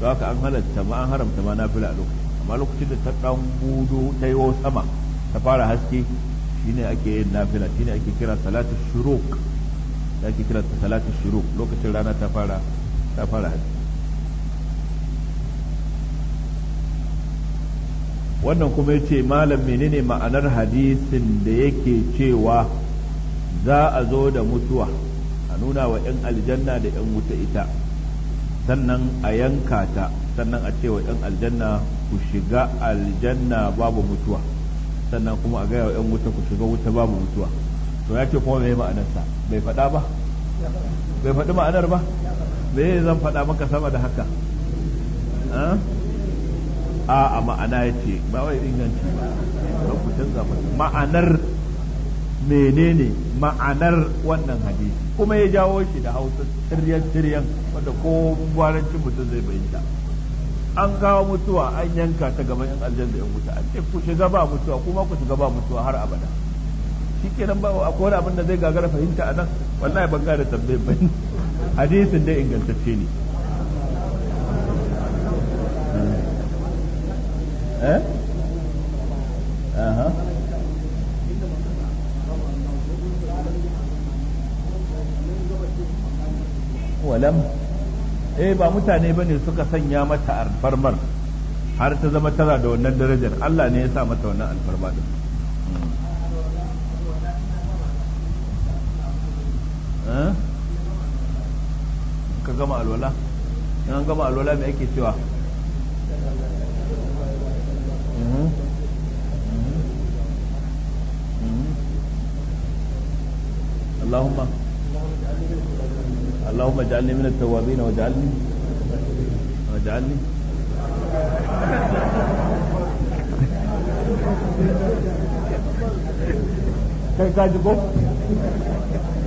to haka an halarta ma an haramta ma na fila a lokacin amma lokacin da ta dan gudu ta yi sama ta fara haske shine ake yin nafila shine ake kira salatu shuruq da ake kira salatu shuruq lokacin rana ta fara ta fara haske wannan kuma yace malam menene ma'anar hadisin da yake cewa za a zo da mutuwa a nuna wa 'yan aljanna da 'yan wuta ita sannan a yanka ta sannan a ce wa 'yan aljanna ku shiga aljanna babu mutuwa sannan kuma a gaya wa 'yan wuta ku shiga wuta babu mutuwa to ya ce kuma mai ma'anarsa bai faɗa ba bai faɗi ma'anar ba me zan faɗa maka sama da haka a a ma'ana ya ce ba wai inganci ba ku canza ba ma'anar menene ma'anar wannan hadisi kuma ya jawo shi da hausa tiryan tiryan wanda ko gwarancin mutum zai bayyana an kawo mutuwa an yanka ta gaban yan aljanna yan wuta an ce ku shiga ba mutuwa kuma ku shiga ba mutuwa har abada shikenan ba a kowane abin da zai gagara fahimta a nan wallahi ban gane tambayin ba hadisin dai ingantacce ne eh aha eh ba mutane bane suka sanya mata alfarmar har ta zama tana da wannan darajar Allah ne ya sa mata wannan alfarma din eh? ka gama alwala in an gama alwala me ake cewa mm-hmm. Mm-hmm. Mm-hmm. Allahumma اللهم اجعلني من التوابين واجعلني واجعلني kai ka